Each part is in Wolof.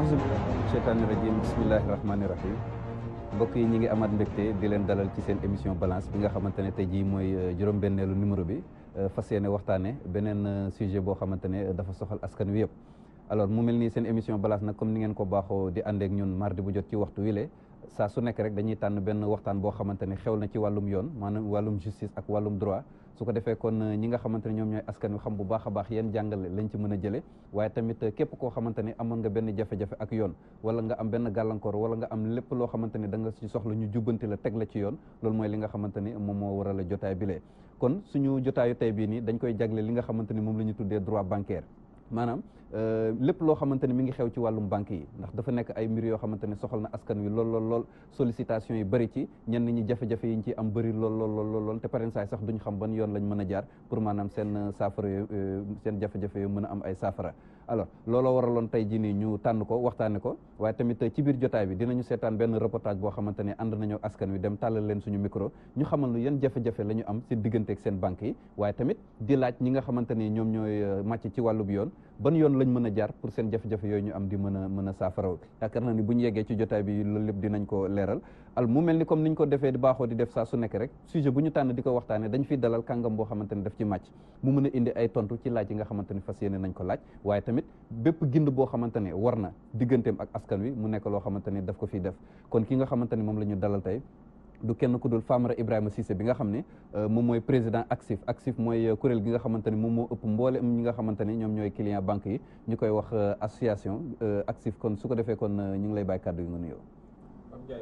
auzu sheytaani rajim bismillahi rahmaani rahim mbokk yi ñi ngi amaat mbégte di leen dalal ci seen émission balance bi nga xamante ne tey jii mooy euh, juróom-benneelu numéro bi euh, fa yéene waxtaane beneen euh, sujet boo xamante ne dafa soxal askan wi yëpp alors mu mel nii seen émission balance na comme ni ngeen ko baaxoo di àndeek ñun mardi bu jot ci waxtu wile saa su nekk rek dañuy tànn benn waxtaan boo xamante ne xew na ci wàllum yoon maanaam wàllum justice ak wàllum droit su ko defee kon ñi nga xamante ne ñoom ñooy askan wi xam bu baax a baax yéen jàngale lañ ci mën a jëlee waaye tamit képp koo xamante ne amoon nga benn jafe-jafe ak yoon wala nga am benn gàllankoor wala nga am lépp loo xamante ne da nga ci soxla ñu jubbanti la teg la ci yoon loolu mooy li nga xamante ni moom moo waral a jotaay bilee kon suñu jotaayu tey bii nii dañ koy jagle li nga xamante ni moom la ñu tuddee droit bancaire maanaam Euh, lépp loo xamante ne mi ngi xew ci wàllum banque yi ndax dafa nekk ay mbir yoo xamante ne soxal na askan wi lool lool lool sollicitation yi bëri ci ñenn ñi jafe-jafe yi ñu ci am bari lool lool lool lool te parents saay sax duñ xam ban yoon lañ mën a jaar pour maanaam seen euh, saafara euh, seen jafe-jafe yoo mën a am ay saafara alors looloo waraloon tey jii nii ñu tànn ko waxtaane ko waaye tamit ci biir jotaay bi dinañu seetaan benn reportage boo xamante ne ànd nañoo askan wi dem tàllal leen suñu micro ñu xamal lu yan jafe-jafe la ñu am si digganteeg seen banque yi waaye tamit di laaj ñi nga xamante ne ñoom ñooy euh, màcc ci wàllub yoon ban yoon lañ mën a jaar pour seen jafe-jafe yooyu ñu am di mën a mën a saafaraw yaakaar na ni bu ñu yeggee ci jotaay bi loolu lépp dinañ ko leeral al mu mel ni comme ni ñu ko defee di baaxoo di def saa su nekk rek sujet bu ñu tànn di ko waxtaanee dañ fiy dalal kàngam boo xamante daf ci màcc mu mën a indi ay tontu ci laaj yi nga xamante ne fas yéene nañ ko laaj waaye tamit bépp gind boo xamante ne war na digganteem ak askan wi mu nekk loo xamante ne daf ko fiy def kon ki nga xamante ne moom la ñu dalal tey du kenn ku dul Famara Ibrahima Cissé bi nga xam ne euh, moom mooy président ACSIF ACSIF mooy euh, kuréel gi nga xamante ne moom moo ëpp mboolem ñi xamante ne ñoom ñooy client banque yi ñu koy wax euh, association ACSIF kon su ko defee kon ñu ngi lay bàyyi kàddu yi nga nuyoo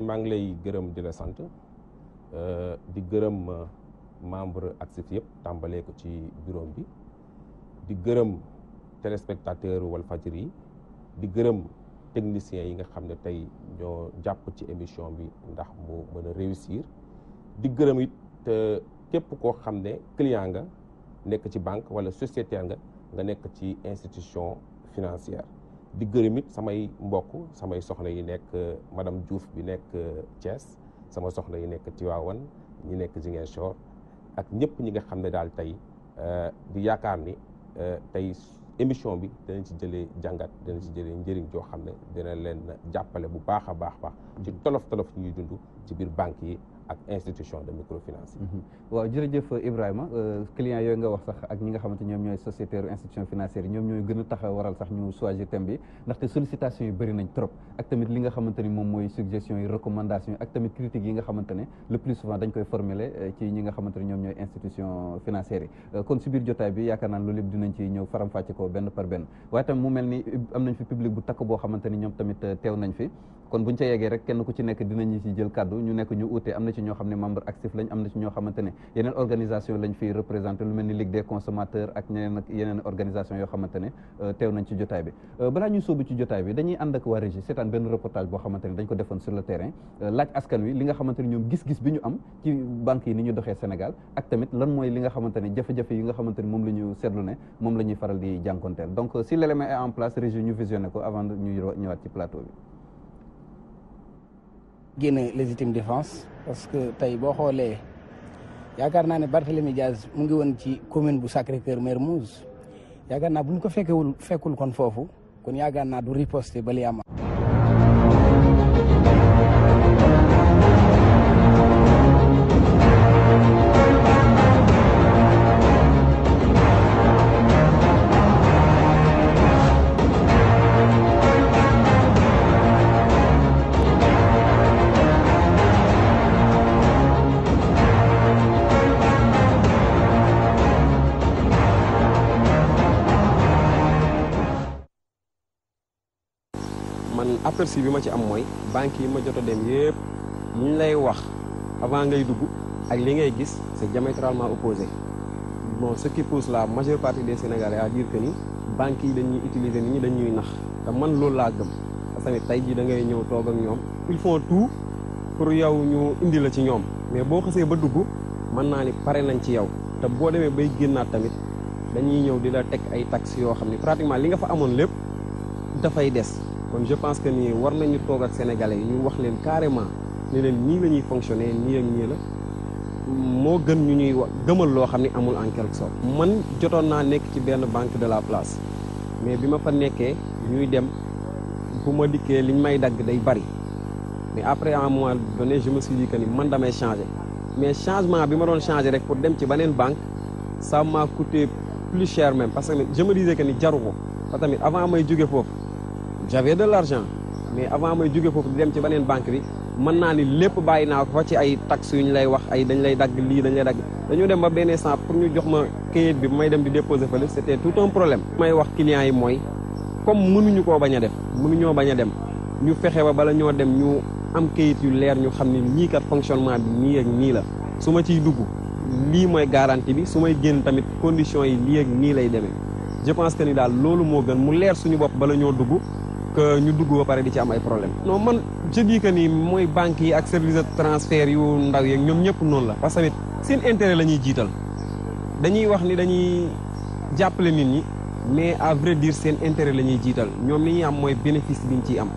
maa ngi lay gërëm di la sant euh, di gërëm euh, membre actif yëpp tàmbalee ko ci bureau bi di gërëm téléspectateur Walfadjri yi di gërëm techniciens yi nga xam ne tey ñoo jàpp ci émission bi ndax mu mën a réussir di gërëm it te euh, képp koo xam ne client nga nekk ci banque wala sociétaire nga nga nekk ci institution financière di gërëm samay mbokk samay soxla yi nekk euh, madame Diouf bi nekk euh, Thiès sama soxla yi nekk Tivaouane ñi nekk Ziguinchor ak ñëpp ñi nga xam ne daal tey euh, di yaakaar ni tey émission bi danañ ci jëlee jàngat danañ ci jëlee njëriñ joo xam ne danañ leen jàppale bu baax a baax baax ci tolof tolof ñuy dund ci biir banque yi ak institution de microfinance yi. Mhm. waaw jërëjëf Ibrahima euh, client yooyu nga wax sax ak ñi nga xamante ñoom ñooy sociétaire institution financière yi ñoom ñooy gën a tax a waral sax ñu choisir thème bi ndaxte sollicitation yi bëri nañ trop ak tamit li nga xamante ni moom mooy suggestion yi recommandation yi ak tamit critiques yi nga xamante ne le plus souvent dañ koy formuler euh, ci ñi nga xamante ne ñoom ñooy institution financière yi euh, kon si biir jotaay bi yaakaar naan loolu yëpp dinañ ci ñëw faram-fàcce ko benn par benn waaye tamit mel ni am nañ fi public bu takk boo xamante ni ñoom tamit teew nañ fi kon buñ ca yeggee rek kenn ku ci nekk dinañu ci jël kàddu ñu nekk ñu uute am na ci ñoo xam ne membre actif lañ am ne yeneen organisation lañ fiy représenté lu mel ni ligue des consommateurs ak ñeneen ak yoo xamante ne euh, teew nañ ci jotaay bi euh, balaa ñu sóobu ci jotaay bi dañuy ànd ak waa régie seetaan benn reportage boo xamante ne dañ ko defoon sur le terrain euh, laaj askan wi li nga xamante ne ñoom gis-gis bi ñu am ci banques yi ni ñu doxee Sénégal ak tamit lan mooy li nga xamante ne jafe-jafe yi nga xamante ne moom la ñu seetlu ne moom la ñuy faral di jànkonteel donc si l'élément est en place régie ñu ko avant ñu ñëwaat ci plateau bi génn légitime défense parce que tey boo xoolee yaakaar naa ne Barthélemy Diaz mu ngi woon ci commune bu Sacré-Cœur Mermoz yaakaar naa bu ñu ko fekkewul fekkul kon foofu kon yaakaar naa du riposte ba li am aperçu bi ma ci am mooy banque yi ma jot a dem yëpp ñu lay wax avant ngay dugg ak li ngay gis c'est diamétralement opposé bon ce qui pousse la majeure partie des Sénégalais à dire que ni yi dañuy utiliser nit ñi dañuy nax te man loolu laa gëm parce que tey jii da ngay ñëw toog ak ñoom ils font tout pour yow ñu indi la ci ñoom mais boo xasee ba dugg mën naa ni pare nañ ci yow te boo demee bay génnaat tamit dañuy ñëw di la teg ay taxes yoo xam ne pratiquement li nga fa amoon lépp dafay des kon je pense que nii war nañu toog ak sénégalais yi ñu wax leen carrément ne leen nii la ñuy fonctionner nii ak nii la moo gën ñu ñuy wax gëmal loo xam ni amul en quelque sorte. man jotoon naa nekk ci benn banque de la place mais bi ma fa nekkee ñuy dem bu ma dikkee liñ may dagg day bari mais après un mois donné je me suis dit que ni man damay changer mais changement bi ma doon changer rek pour dem ci beneen banque ça m'a coûté plus cher même parce que je que ni jaru ko ba avant may jóge foofu. j'avais de l'argent mais avant may jóge foofu di dem ci beneen banque bi mën naa ni lépp bàyyi naa ko fa ci ay taxes yu ñu lay wax ay dañ lay dagg lii dañ lay dagg dañoo dem ba benn sant pour ñu jox ma kayit bi may dem di déposer fële c'était tout un problème. may wax clients yi mooy comme mënuñu koo bañ a def mënuñoo bañ a dem ñu fexe ba bala ñoo dem ñu am kayit yu leer ñu xam ni ñii kat fonctionnement bi nii ak nii la su ma ciy dugg lii mooy garantie bi su may génn tamit conditions yi lii nii lay demee je pense que ni daal loolu moo gën mu suñu bopp bala ñoo dugg. que ñu dugg ba pare di ci am ay problème non man je dis que ni mooy banques yi ak service de transfert yu ndaw yeeg ñoom ñëpp noonu la parce que tamit seen intérêt la ñuy jiital dañuy wax ni dañuy jàppale nit ñi mais à vrai seen intérêt la ñuy jiital ñoom li ñuy am mooy bénéfice bi ñu ciy am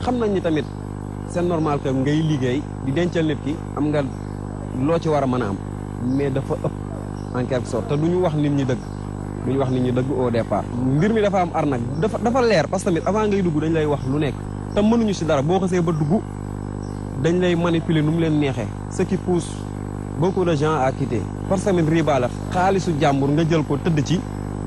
xam nañ ni tamit c'est normal ngay liggéey di dencal nit ki am nga loo ci war a mën a am mais dafa ëpp en quelque sorte te du ñu wax nit ñi dëgg duñu wax nit ñi dëgg au départ mbir mi dafa am arnaque dafa dafa leer parce que tamit avant ngay dugg dañ lay wax lu nekk te mënuñu si dara boo xasee ba dugg dañ lay manipuler nu mu leen neexee ce qui pousse beaucoup de gens à quitter parce que tamit riba la xaalisu jàmbur nga jël ko tëdd ci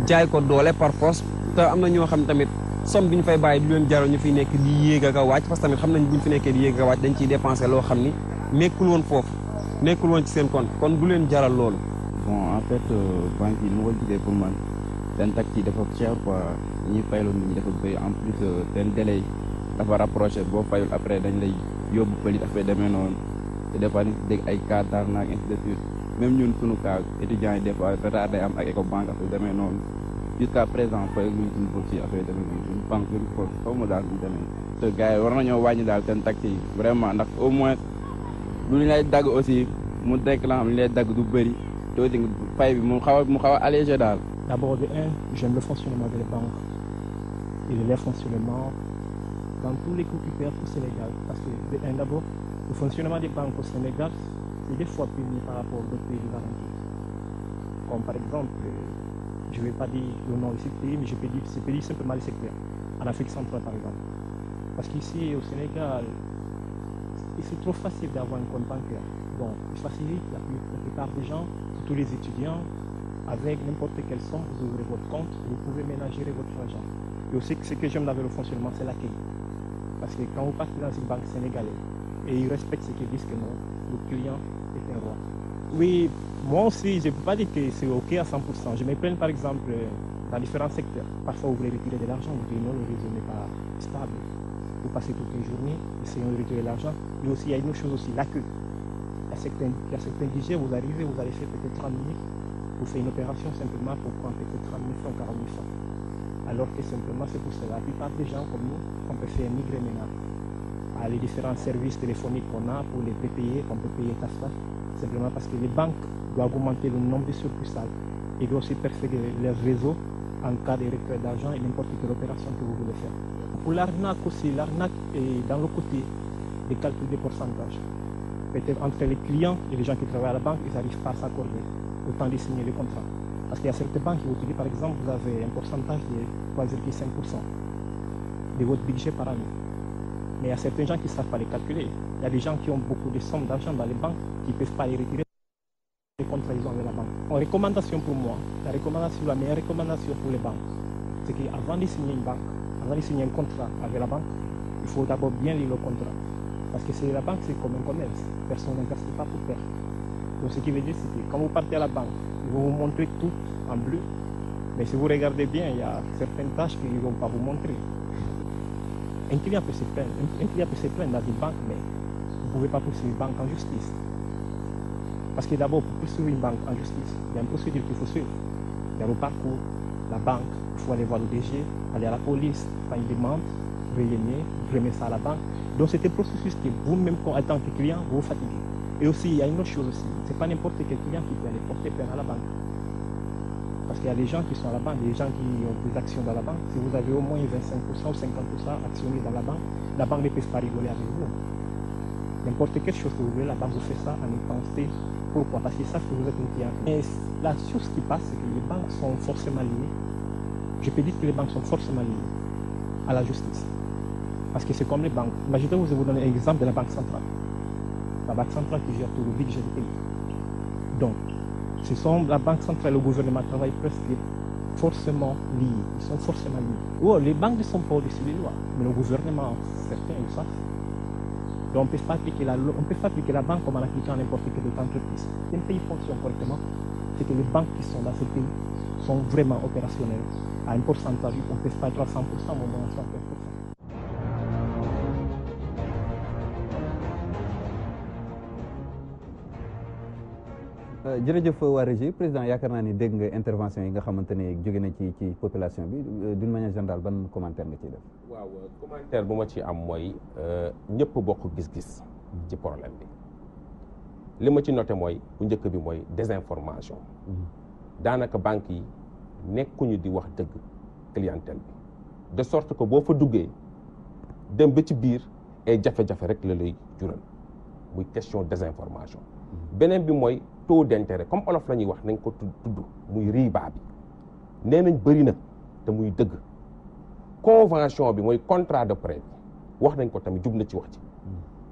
jaay ko doole par force te am na ñoo xam tamit somme bi ñu fay bàyyi du leen jaral ñu fi nekk di yéeg ak a wàcc parce que xam nañ bu ñu fi nekkee di yéeg ak a wàcc dañ ciy dépensé loo xam ni nekkul woon foofu nekkul woon ci seen compte kon du leen jaral loolu fait euh, banque yi li ma ko gisee pour man seen taxes yi dafa cher quoi ñuy fayaloon nit ñi dafa bëri en plus euh, seen délai dafa rapproché boo fayul après dañ lay yóbbu pëlit après deme noonu te des fois dañ ay cas d'arnaque ainsi de suite même ñun suñu cas étudiants yi des fois retard day am ak Ecobank affaire demee noonu jusqu'à présent fay luñ suñu bourse affaire demee noonu suñu banque suñu fo ma daal ñu demee te gars yi war nañoo wàññi daal seen taxes yi vraiment ndax au moins lu ñu lay aussi mu dekk la xam li bëri dosing pay bi mu xaw a mu xaw d'abord de un j'aime le fonctionnement des banques et les fonctionnements dans tous les coups au Sénégal parce que de un d'abord le fonctionnement des banques au Sénégal c'est des fois pire par rapport aux pays de l'Afrique comme par exemple je peux dire je peux dire en Afrique centrale par exemple parce qu'ici au Sénégal c'est trop facile d'avoir un compte bancaire il facilite la plupart tous les étudiants, avec n'importe quelle somme, vous ouvrez votre compte, vous pouvez ménager votre argent. Et aussi, ce que j'aime avec le fonctionnement, c'est l'accueil. Parce que quand vous partez dans une banque sénégalaise, et ils respectent ce qu'ils disent que non, le client est un roi. moi aussi, je peux pas dire que c'est OK à 100%. Je me plains par exemple euh, dans différents secteurs. Parfois, vous voulez retirer de l'argent, Mais aussi, il y a une chose à certains, à certains guichets, vous arrivez, vous allez faire peut-être 30 minutes, vous faites une opération simplement pour prendre peut-être 30 000 Alors que simplement, c'est pour cela. La plupart des gens comme nous, on peut faire migrer à les différents services téléphoniques a pour les prépayer, parce que les banques doivent augmenter le nombre de succursales et doivent aussi perfectionner leur réseau en cas de retrait d'argent et n'importe quelle que vous voulez faire. Pour l'arnaque aussi, peut-être entre les clients et les gens qui travaillent à la banque, ils n'arrivent pas s'accorder le de signer les contrats. Parce qu'il y a certaines banques vous disent, par exemple, vous avez un pourcentage de 3,5% de votre budget par année. Mais a certains gens qui savent pas les calculer. Il y a des gens qui ont beaucoup de sommes d'argent dans les banques qui peuvent pas les retirer contrats qu'ils ont la banque. En recommandation pour moi, la, Parce que c'est la banque, c'est comme un commerce. Personne n'investit pas pour perdre. Donc ce qui veut dire, c'est vous partez à la banque, ils vous montrer tout en bleu. Mais si vous regardez bien, il a certaines tâches qu'ils ne vous montrer. Un client peut se dans une banque, mais vous pouvez pas poursuivre une banque en justice. Parce que d'abord, pour poursuivre une banque en justice, il y a une procédure qu'il faut suivre. Il a le parcours, la banque, il faut aller voir veuillez bien, ça à la banque. Donc c'est un processus qui, vous-même, en tant que client, vous, vous fatiguez. Et aussi, il y a une autre chose aussi. Ce n'est pas n'importe quel client qui peut aller porter plainte à la banque. Parce qu'il y a des gens qui sont à la banque, des gens qui ont des actions dans la banque. Si vous avez au moins ou 50% dans la banque, la banque ne peut pas rigoler avec vous. N'importe quelle chose que vous voulez, la banque Parce que vous êtes une client. Mais Je peux Parce que c'est comme les banques. Imaginez, la Banque centrale. La Banque centrale qui gère tout le budget du pays. Donc, la Banque centrale le gouvernement travaillent presque forcément liés. Ils sont forcément liés. Oh, les banques ne sont pas au-dessus des mais le gouvernement, certains le savent. Donc, la, banque comme en appliquant n'importe quelle autre entreprise. Si pays fonctionne correctement, c'est que les banques qui sont dans ce pays sont vraiment opérationnelles jërëjëf waa régie président yaakaar naa ni dégg nga intervention yi nga xamante ne jóge nañ ci ci population bi euh, d'une manière générale ban commentaire na ci def. waaw euh, commentaire bu ma ci am mooy euh, ñëpp bokk gis-gis ci problème bi li ma ci noté mooy bu njëkk bi mooy désinformation mhm. daanaka banque yi nekkuñu di wax dëgg clientèle bi de sorte que boo fa duggee dem ba ci biir ay jafe-jafe rek la lay jural muy question désinformation. beneen bi mooy taux d'intérêt comme olof la ñuy wax nañ ko tudd muy riba bi nee nañ bëri na te muy dëgg convention bi mooy contrat de prêt bi wax nañ ko tamit jub na ci wax ci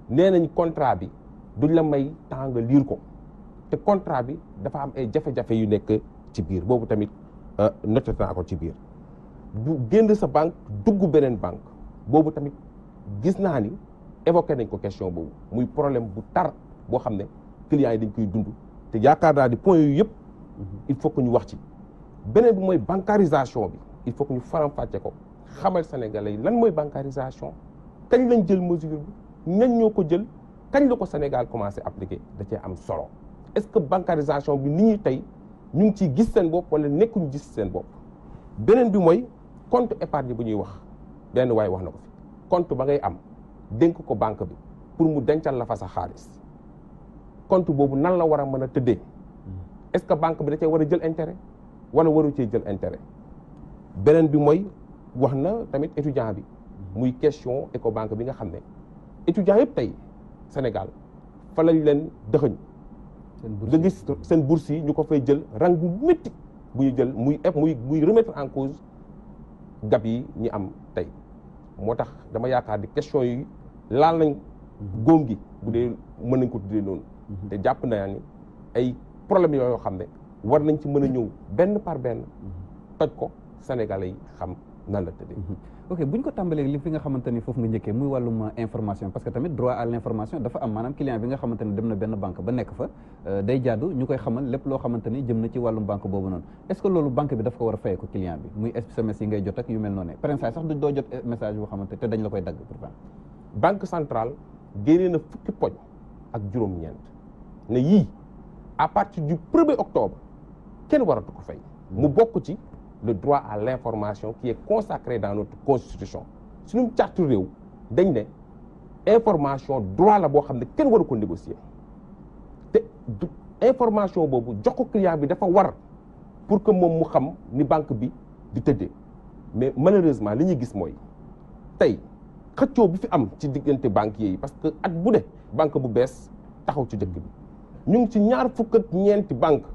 nee nañ contrat bi duñ la may temps nga ko te contrat bi dafa am ay jafe-jafe yu nekk ci biir boobu tamit euh, noté ci biir bu génn sa banque dugg beneen banque boobu tamit gis naa ni évoqué nañ ko question boobu muy problème bu tar boo xam ne clients yi dañ koy dund te yaakaar naa ni point yooyu yëpp mhm. il faut que ñu wax ci beneen bi mooy bancarisation bi il faut que ñu faram-fàcce ko xamal sénégalais yi lan mooy bancarisation kañ lañ jël mesure bi ñan ñoo ko jël kañ la ko Sénégal commencé appliquer da cee am solo est-ce que bancarisation bi ni ñuy tey ñu ngi ciy gis seen bopp wala nekkuñu gis seen bopp beneen bi mooy compte épargne bu ñuy wax benn waaye wax na ko fi compte ba ngay am dénk ko banque bi pour mu dencal la fa sa compte boobu nan la war a mën a tëddee hmm. est-ce que banque bi da cee war a jël intérêt wala waru cee jël intérêt beneen bi mooy wax na tamit étudiant bi muy question Ecobank bi nga xam ne étudiant yëpp tey Sénégal fa lañ leen dëxëñ nga gis seen bourse yi ñu ko fay jël rang bu métti bu ñu jël muy muy muy remettre en cause gab yi ñi am tey moo tax dama yaakaar di question yi laal nañ hmm. góom gi bu dee mën nañ ko tuddee noonu te jàpp naa ni ay problèmes yoo xam ne war nañ ci mën a ñëw benn par benn toj ko Sénégalais yi xam nan la tëddee. Mm-hmm. ok bu ñu ko tàmbalee li fi nga xamante ni foofu nga njëkkee muy wàllum euh, information parce que tamit droit a l' information dafa am maanaam client bi nga xamante ni dem na benn banque ba nekk fa euh, day jaadu ñu koy xamal lépp loo xamante jëm na ci wàllum banque boobu noonu est ce que loolu banque bi daf ko war a fayee ko client bi muy SMS yi ngay jot ak yu mel noonu par exemple sax du doo jot euh, message boo xamante te dañ ne yii à partir du premier octobre kenn waratu ko fay mu bokk ci le droit à l'information qui est consacré dans notre constitution suñu charte réew dañ ne information droit la boo xam ne kenn waru ko négocier te information boobu jox ko client bi dafa war pour que moom mu xam ni banque bi di tëddee mais malheureusement li ñuy gis mooy tey xëccoo bu fi am ci diggante banque yi parce que at bu de banque bu bees taxaw ci dëkk bi ñu ngi ci ñaar fukk ñeenti banque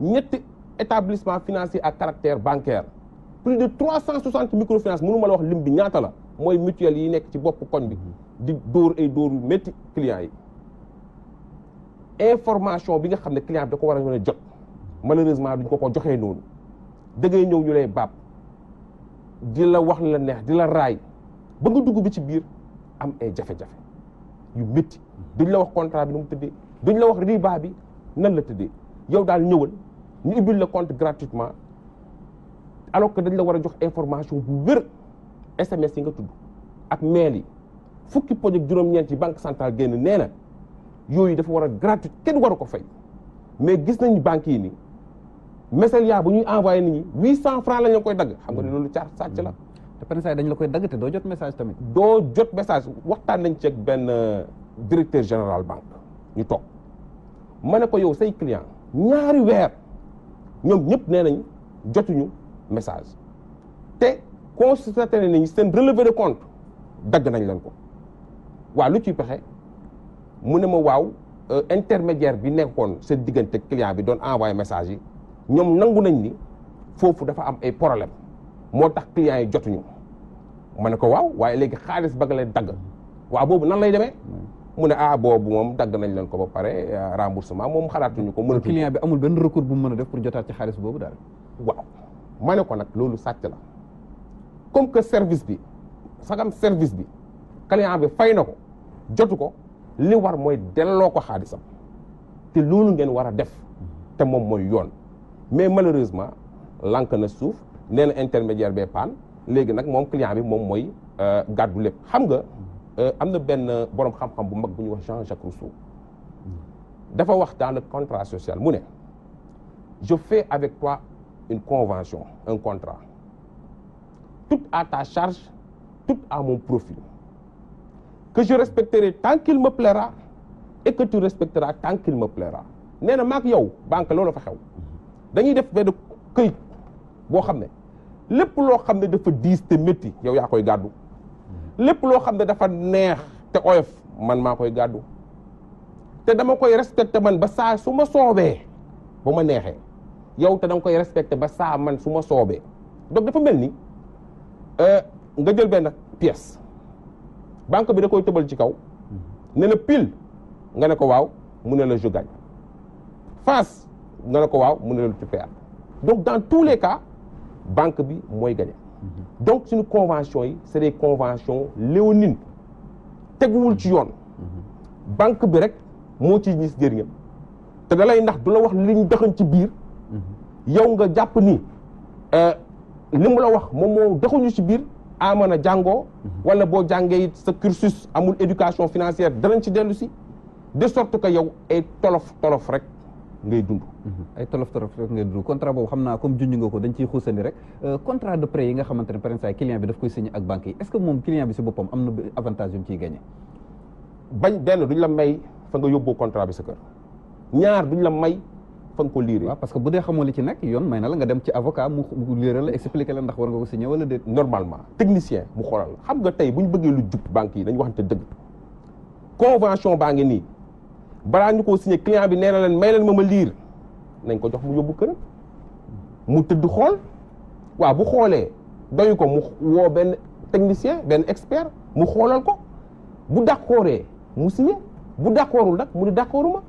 ñetti établissement financier à caractère bancaire plus de trois cent soixante microfinance mënu ma la wax lim bi ñaata mooy mutuelle yi nekk ci bopp koñ bi di dóor ay dóor yu métti clients information bi nga xam ne client da ko war a mën a jot malheureusement duñ ko ko joxee noonu da ñëw ñu lay baab di la wax la neex di la raay ba nga dugg bi ci biir am ay jafe-jafe yu métti duñ la wax contrat bi nu mu tëddee dañ la wax riba bi nan la tëddee yow daal ñëwal ñu ubbil la compte gratuitement alors que dañ la war a jox information bu wér SMS yi nga tudd ak mail yi fukki poj juróom-ñeent yi banque centrale génn nee na yooyu dafa war a gratuite kenn waru ko fay mais gis nañ banques yi nii message yaa bu ñuy envoyé nit ñi huit cent francs lañ la koy dagg xam nga ne loolu caar sàcc la te penn saa yi dañ la koy dagg te doo jot message tamit doo jot message waxtaan nañ ceeg benn euh, directeur général banque ñu toog ma ne ko yow say client ñaari weer ñoom ñëpp nee nañ jotuñu message te constaté nañ seen relevé de compte dagg nañ lañ ko waa lu ciy pexe mu ne ma waaw euh, intermédiaire bi nekkoon seen diggante client bi doon envoyé message yi ñoom nangu nañ ni foofu dafa am ay problème moo tax client yi jotuñu ma ne ko waaw waaye léegi xaalis ba nga leen dagg waaw boobu nan lay demee hmm. mu ne ah boobu moom dagg nañ leen ko ba pare euh, remboursement moom xalaatuñu ko. mënatuñu client bi amul benn recours bu mu mën a def pour jotaat ci xaalis boobu daal. waaw ma ne ko nag loolu sàcc la comme que service bi sagam service bi client bi fay na ko jotu ko li war mooy delloo ko xaalisam te loolu ngeen war a def te moom mooy yoon mais malheureusement lank na suuf nee na intermédiaire bee paan léegi nag moom client bi moom mooy euh, gàddu lépp xam nga. Euh, am na benn borom xam-xam bu mag bu ñuy wax Jean-Jacques Rousseau dafa wax dans le contrat social mu ne je fais avec toi une convention un contrat tout à ta charge tout à mon profit que je respecterai tant qu'il me plaira et que tu respecteras tant qu'il me plaira nee na maak yow banque loolu fa xew dañuy def benn këyit boo xam ne lépp loo xam ne dafa diis te métti yow yaa koy gàddu lépp loo xam ne dafa neex te oyof man maa koy gàddu te dama koy respecté man ba saa su ma soobee ba ma neexee yow te danga koy respecté ba saa man su ma soobee donc dafa mel ni euh, nga jël benn pièce banque bi da koy tëbal ci kaw ne la pile nga ne ko waaw mu ne la je gagne face nga ne ko waaw mu ne la tu perds donc dans tous les cas banque bi mooy gagné Mm-hmm. donc suñu convention yi c'est des conventions léonines teguwul ci yoon mm-hmm. banque bi rek moo ci gis njëriñam te da lay ndax du la wax liñ doxañ ci biir mm-hmm. yow nga jàpp ni euh, li mu la wax moom moo doxuñu ci biir a jàngoo wala boo jàngee sa cursus amul éducation financière danañ ci dellu si de sorte ko yow ay tolof tolof rek ngay dund mhm. ay tolof tolof rek contrat boobu xam naa comme junj nga ko dañ ciy xuusandi rek euh, contrat de prêt yi nga xamante ne par exemple client bi daf koy signé ak banque yi est ce que moom client bi si boppam am na avantage yu mu ciy bañ benn duñ la may fa nga yóbboo contrat bi sa kër ñaar duñ la may fa nga ko liiree waaw parce que bu dee xamoo li ci nekk yoon may na la nga dem ci avocat mu liiree la expliqué la ndax war nga ko signé wala déet normalement technicien mu xoolal xam nga tey bu ñu bëggee lu jub banque yi dañ waxante dëgg convention baa ngi nii balaa ñu koo signé client bi nee leen may leen ma ma liir nañ ko jox mu yóbbu këram mu tëdd xool waaw bu xoolee doyu ko mu woo benn technicien benn expert mu xoolal ko bu d'accordee mu signé bu d'accordul nag mu ni d'accorduma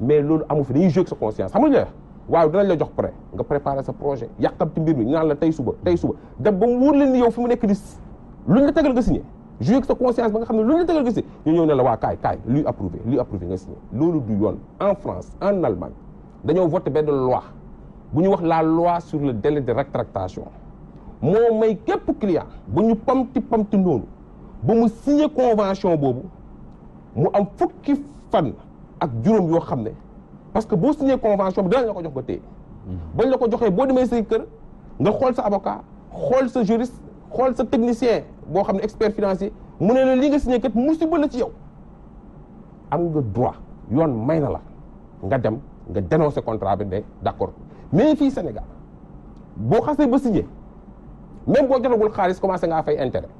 mais loolu amu fi dañuy jouer sa conscience xam nga waaw dinañ la jox prêt nga préparer sa projet yàqam ci mbir mi ñu naan la tey suba tey suba dem ba mu wóor yow fi mu nekk di luñ la tegal nga signé joué sa conscience ba nga xam ne lu ñu gis ñu ñëw ne la waa kaay kaay luy approuvé luy approuvé nga signé loolu du yoon en France en Allemagne dañoo voté benn loi bu ñu wax la loi sur le délai de rétractation moo may képp client ba ñu pamti pamti noonu ba mu signé convention boobu mu am fukki fan ak juróom yoo xam ne parce que boo signé convention bu dinañ la ko jox ba téye mm-hmm. bañ la ko joxee boo demee say kër nga xool sa avocat xool sa juriste xool sa technicien boo xam ne expert financier mu ne la lii nga signé kat musiba la ci yow am nga droit yoon may na la nga dem nga dénoncer contrat bi ne d'accord mais fii Sénégal boo xasee ba signé même boo jotagul xaalis commencé ngaa fay intérêt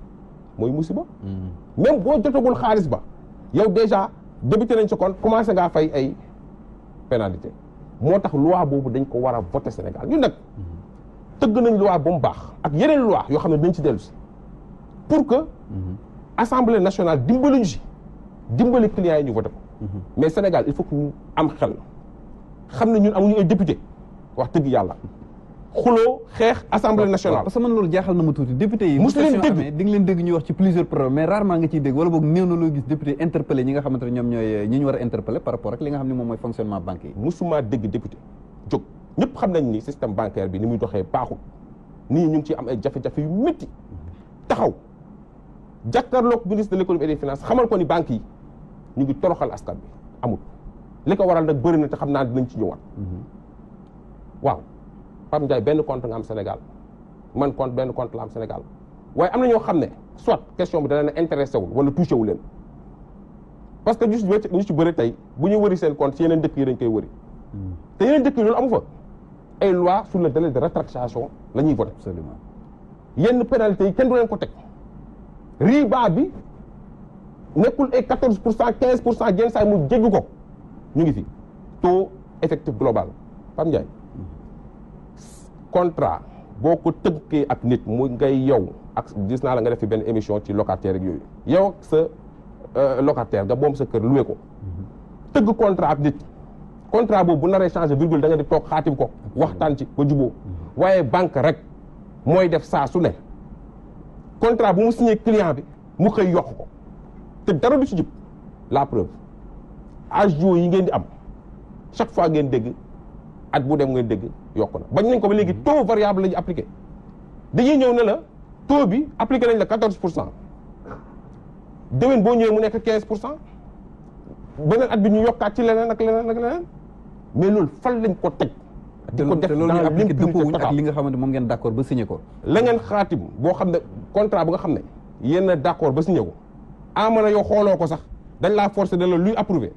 mooy musiba. Mm. même boo jotagul xaalis ba yow déjà débuté nañ sa compte commencé ngaa fay ay pénalité moo tax loi boobu dañ ko war a voter Sénégal ñun nag. Mm. tëgg nañ loi ba mu baax ak yeneen loi yoo xam ne dinañ ci dellu si pour que mhm. assemblée nationale dimbali ñu si dimbali clients yi ñu voté ko mhm. mais Sénégal il faut que ñu am xel xam ne ñun amuñu ay député wax dëgg yàlla xuloo xeex assemblée nationale. parce que man loolu jaaxal na ma tuuti député yi. mosu dégg di leen dégg ñuy wax ci plusieurs problèmes mais rarement nga ciy dégg wala boog néew na loo gis député interpellé ñi nga xamante a interpellé par rapport ak li nga ñëpp xam nañ ni système bancaire bi ni muy doxee baaxul nii ñu ngi ciy am ay jafe-jafe yu métti taxaw jàkkaarloog ministre de l'économie et des finances xamal ko ni banques yi ñu ngi toroxal askan bi amul li ko waral nag bëri na te xam naa dinañ ci ñëwaat. Mm-hmm. waaw Pape Ndiaye benn am Sénégal man compte benn compte am Sénégal waaye am na ñoo xam ne soit question bi dana na intéressé wul wala touché wu leen parce que ñu ci bëri tey bu ñu wari seen compte ci yeneen dëkk yi dañ koy wëri mm. te yeneen dëkk yi loolu amu fa. ay loi sur le délai de rétractation la ñuy voté absolument yenn pénalité yi kenn du leen ko teg riba bi nekkul ay quatorze pour cent quinze pour cent yenn saa yi mu jéggi ko ñu ngi fi taux effectif global Pam Ndiaye contrat boo ko tënkee ak nit mu ngay yow ak gis naa la nga def fi benn émission ci locataire rek yooyu yow ak sa euh, locataire nga moom sa kër loué ko mm-hmm. tëgg contrat ak nit contrat boobu bu naree changé virgule da nga di toog xaatim ko waxtaan ci ba juboo waaye banque rek mooy def saa su ne contrat bu mu signé client bi mu xëy yokk ko te dara du ci jub la preuve agio yi ngeen di am chaque fois ngeen dégg at bu dem ngeen dégg yokk na bañ nañ ko ba léegi mhm. taux variable la ñu appliqué dañuy ñëw ne la taux bi appliqué lañ la 14 pour cent déwén boo ñëwee mu nekk quinze pour cent beneen at bi ñu yokkaat ci leneen ak leneen ak leneen mais loolu fan lañ ko teg. te loolu ñu appliqué dëppoo wuñ ak li nga xamante moom ngeen d' accord ba signé ko. la ngeen xaatim boo xam ne contrat bu nga xam ne yéen a accord ba signé ko amana ah yow xooloo ko sax dañ laa forcé de la luy approuvé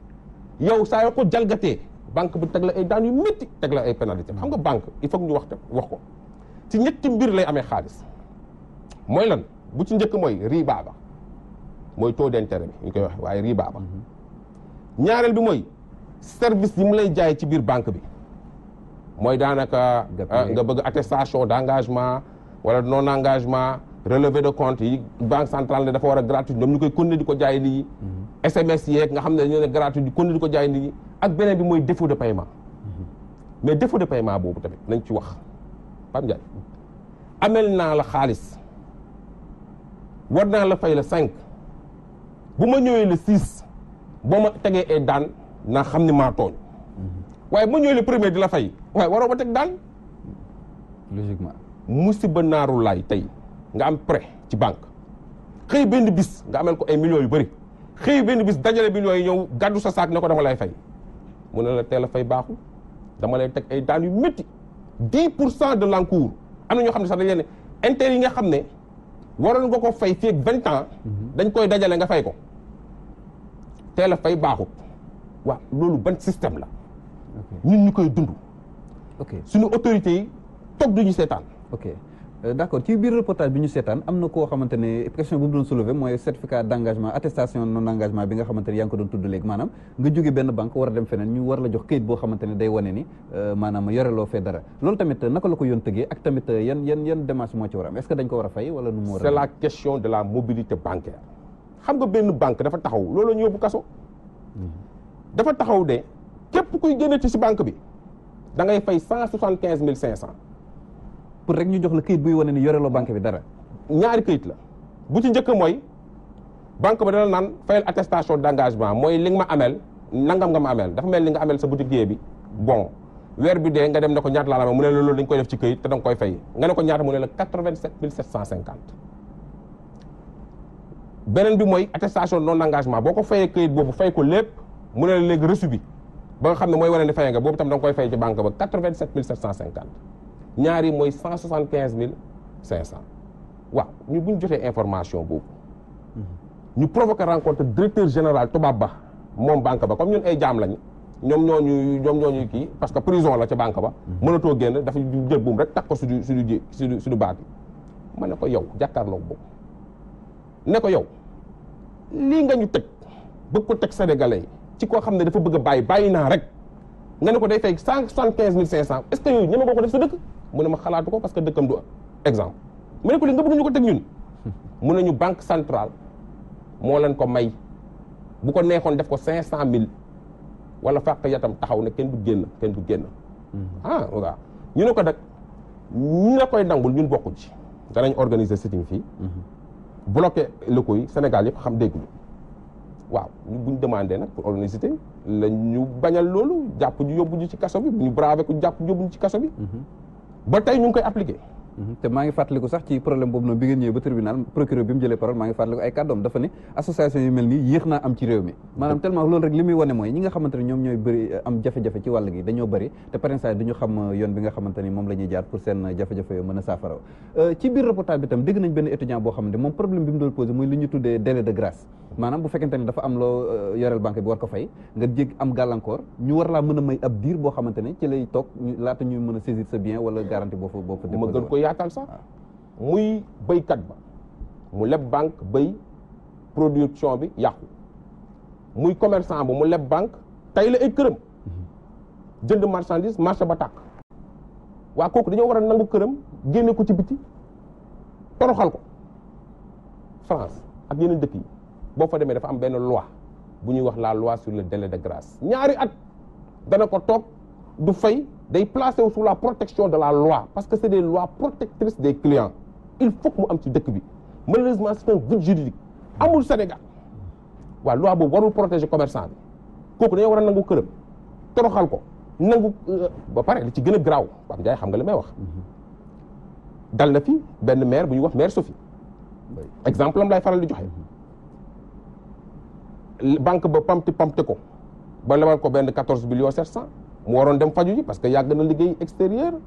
yow saa yoo ko jalgatee banque bu teg la ay daan yu teg la ay pénalité xam nga banque il foog ñu wax wax ko ci ñetti mbir lay amee xaalis mooy lan bu ci njëkk mooy riba ba mooy taux d' intérêt bi ñu koy wax waaye riba ba mm-hmm. ñaareel bi mooy service yi mu lay jaay ci biir banque bi mooy daanaka nga euh, bëgg attestation d'engagement wala non engagement relevé de compte yi banque centrale ne dafa war a gratuit ñoom ñu koy continuer di ko jaay nit ñi SMS yeeg nga xam ne dañoo ne gratuit di continuer di ko jaay nit ak beneen bi mooy défaut de paiement mm-hmm. mais défaut de paiement boobu tamit nañ ci wax Pape Ndiaye amel naa la xaalis war naa la fay la cinq bu ma ñëwee le six boo ma tegee ay daan naa xam ni maa tooñ waaye ma ñëwee le premier di la fay waaye waroo ma teg daan logiquement musiba naaru laay tey nga am prêt ci banque xëy benn bis nga amel ko ay millions yu bëri xëy benn bis dajale millions yi ñëw gàddu sa saak ne ko dama lay fay mu ne la teel a fay baaxul dama lay teg ay daan yu métti dix pour cent de l'encours am na ñoo xam ne sax dañ leen intérêt yi nga xam ne waroon nga ko fay fii ak vingt ans mhm. dañ koy dajale nga fay ko teel a fay baaxut waaw loolu ban système la ñun ñu koy dund ok suñu autorités yi toog duñu seetaan ok euh, d' accord ci biir reportage bi ñu seetaan am na koo xamante question bu mu doon soulever mooy certificat d' attestation non engagement bi nga xamante ne yaa ngi ko doon tudd léegi maanaam nga jóge benn banque war a dem feneen ñu war la jox kayit boo xamante ne day wane ni euh, maanaam yoreloo fee dara loolu tamit naka la ko yoon tëggee ak tamit yan yan yan démarche moo ci war a am a fay wala nu mu war xam nga benn banque dafa taxaw loolu ñu yóbbu kaso dafa taxaw de képp kuy génne ci si banque bi da ngay fay cent soixante quinze mille cinq cent pour rek ñu jox la këyit buy wane ni yoreloo banque bi dara ñaari këyit la bu ci njëkk mooy banque ba dana naan fayal attestation d'engagement mooy li nga ma amel nangam nga ma amel dafa mel ni nga amel sa boutique bi bon weer bi dee nga dem ne ko ñaata laa la mu ne loolu dañ koy def ci këyit te danga koy fay nga ne ko ñaata mu ne beneen bi mooy attestation non engagement boo ko fayee këyit boobu fay ko lépp mu ne la léegi reçu bi ba nga xam ne mooy wane ne fayee nga boobu tam da nga koy fay ci banque ba 87 750 ñaar yi mooy 175 500 waaw ñu bu ñu jotee information boobu ñu provoqué rencontre directeur général tubaab ba moom banque ba comme ñun ay jaam lañ ñoom ñooñu ñoom ñooñu kii parce que prison la ca banque ba hmm. mënatoo génn dafa jël buum rek takk ko suñu suñu ji suñu suñu baat bi ma ne ko yow jàkkaarloo boobu ne ko yow lii nga ñu teg bëgg ko teg sénégalais ci koo xam ne dafa bëgg bàyyi bàyyi naa rek nga ne ko day fay cent soixante quinze mille cinq cent est ko def sa dëkk mu ne ma xalaatu ko parce que dëkkam du exemple ma ne ko li nga bëgg ñu ko teg ñun mu ne ñu banque centrale moo leen ko may bu ko neexoon def ko cinq cent mille wala fàq yatam taxaw ne kenn du génn kenn du génn hmm. ah ñu ne ko nag ñu la koy ñun bokku ci danañ organiser sitting fii hmm. bloqué locaux yi Sénégal yëpp xam dégguñu waaw ñu buñ demandé nag pour honnêteté la ñu bañal loolu jàpp ñu yóbbu ñu ci kaso bi bu ñu bravé ko jàpp ñu yóbbu ñu ci kaso bi mhm. ba tey ñu ngi koy appliqué Mhm. te maa ngi fàttaliku sax ci problème boobu noonu bi ngeen ñëwee ba tribunal procureur bi mu jëlee parole maa ngi fàttaliku ay kàddoom dafa ne association yu mel nii yéex naa am ci réew mi maanaam tellement loolu rek li muy wane mooy ñi nga xamante ne ñoom ñooy bëri eh, am jafe-jafe ci wàll gi dañoo bëri te parrainage du ñu xam eh, yoon bi nga xamante ni moom la ñuy jaar pour seen eh, jafe-jafe yoo mën a saafara ci biir reportage bi tam dégg nañ benn maanaam bu fekkente ni dafa am loo euh, yoreel banque bi war ko fay nga jég am gàllankoor ñu war laa mën a may ab diir boo xamante ne ci lay toog laata ñuy mën a saisir sa bien wala garantie boo fa boo fa ma gën ko yaatal sax muy béykat mu leb banque béy production bi yàqu muy commerçant ba mu leb banque tey ay këram mm-hmm. jënd marchandise marché ba tàkk waa kooku dañoo war a nangu këram génne ko ci biti toroxal ko France ak yeneen dëkk yi boo fa demee dafa am benn loi bu ñuy wax la loi sur le délai de grâce ñaari at dana ko toog du fay day placé wu la protection de la loi parce que c'est des lois protectrices des clients il faut mu am ci dëkk bi malheureusement c'est un vide juridique amul Sénégal waaw loi boobu warul protéger commerçant bi kooku dañoo war a nangu këram toroxal ko nangu euh, ba pare li ci gën a garaaw Pape Ndiaye xam nga li may wax mhm. dal na fi benn maire bu ñuy wax maire Sophie exemple am faral di joxe banque ba pamti pamti ko ba lebal ko benn quatorze millions sept cent mu waroon dem faju ji parce que yàgg na liggéey extérieur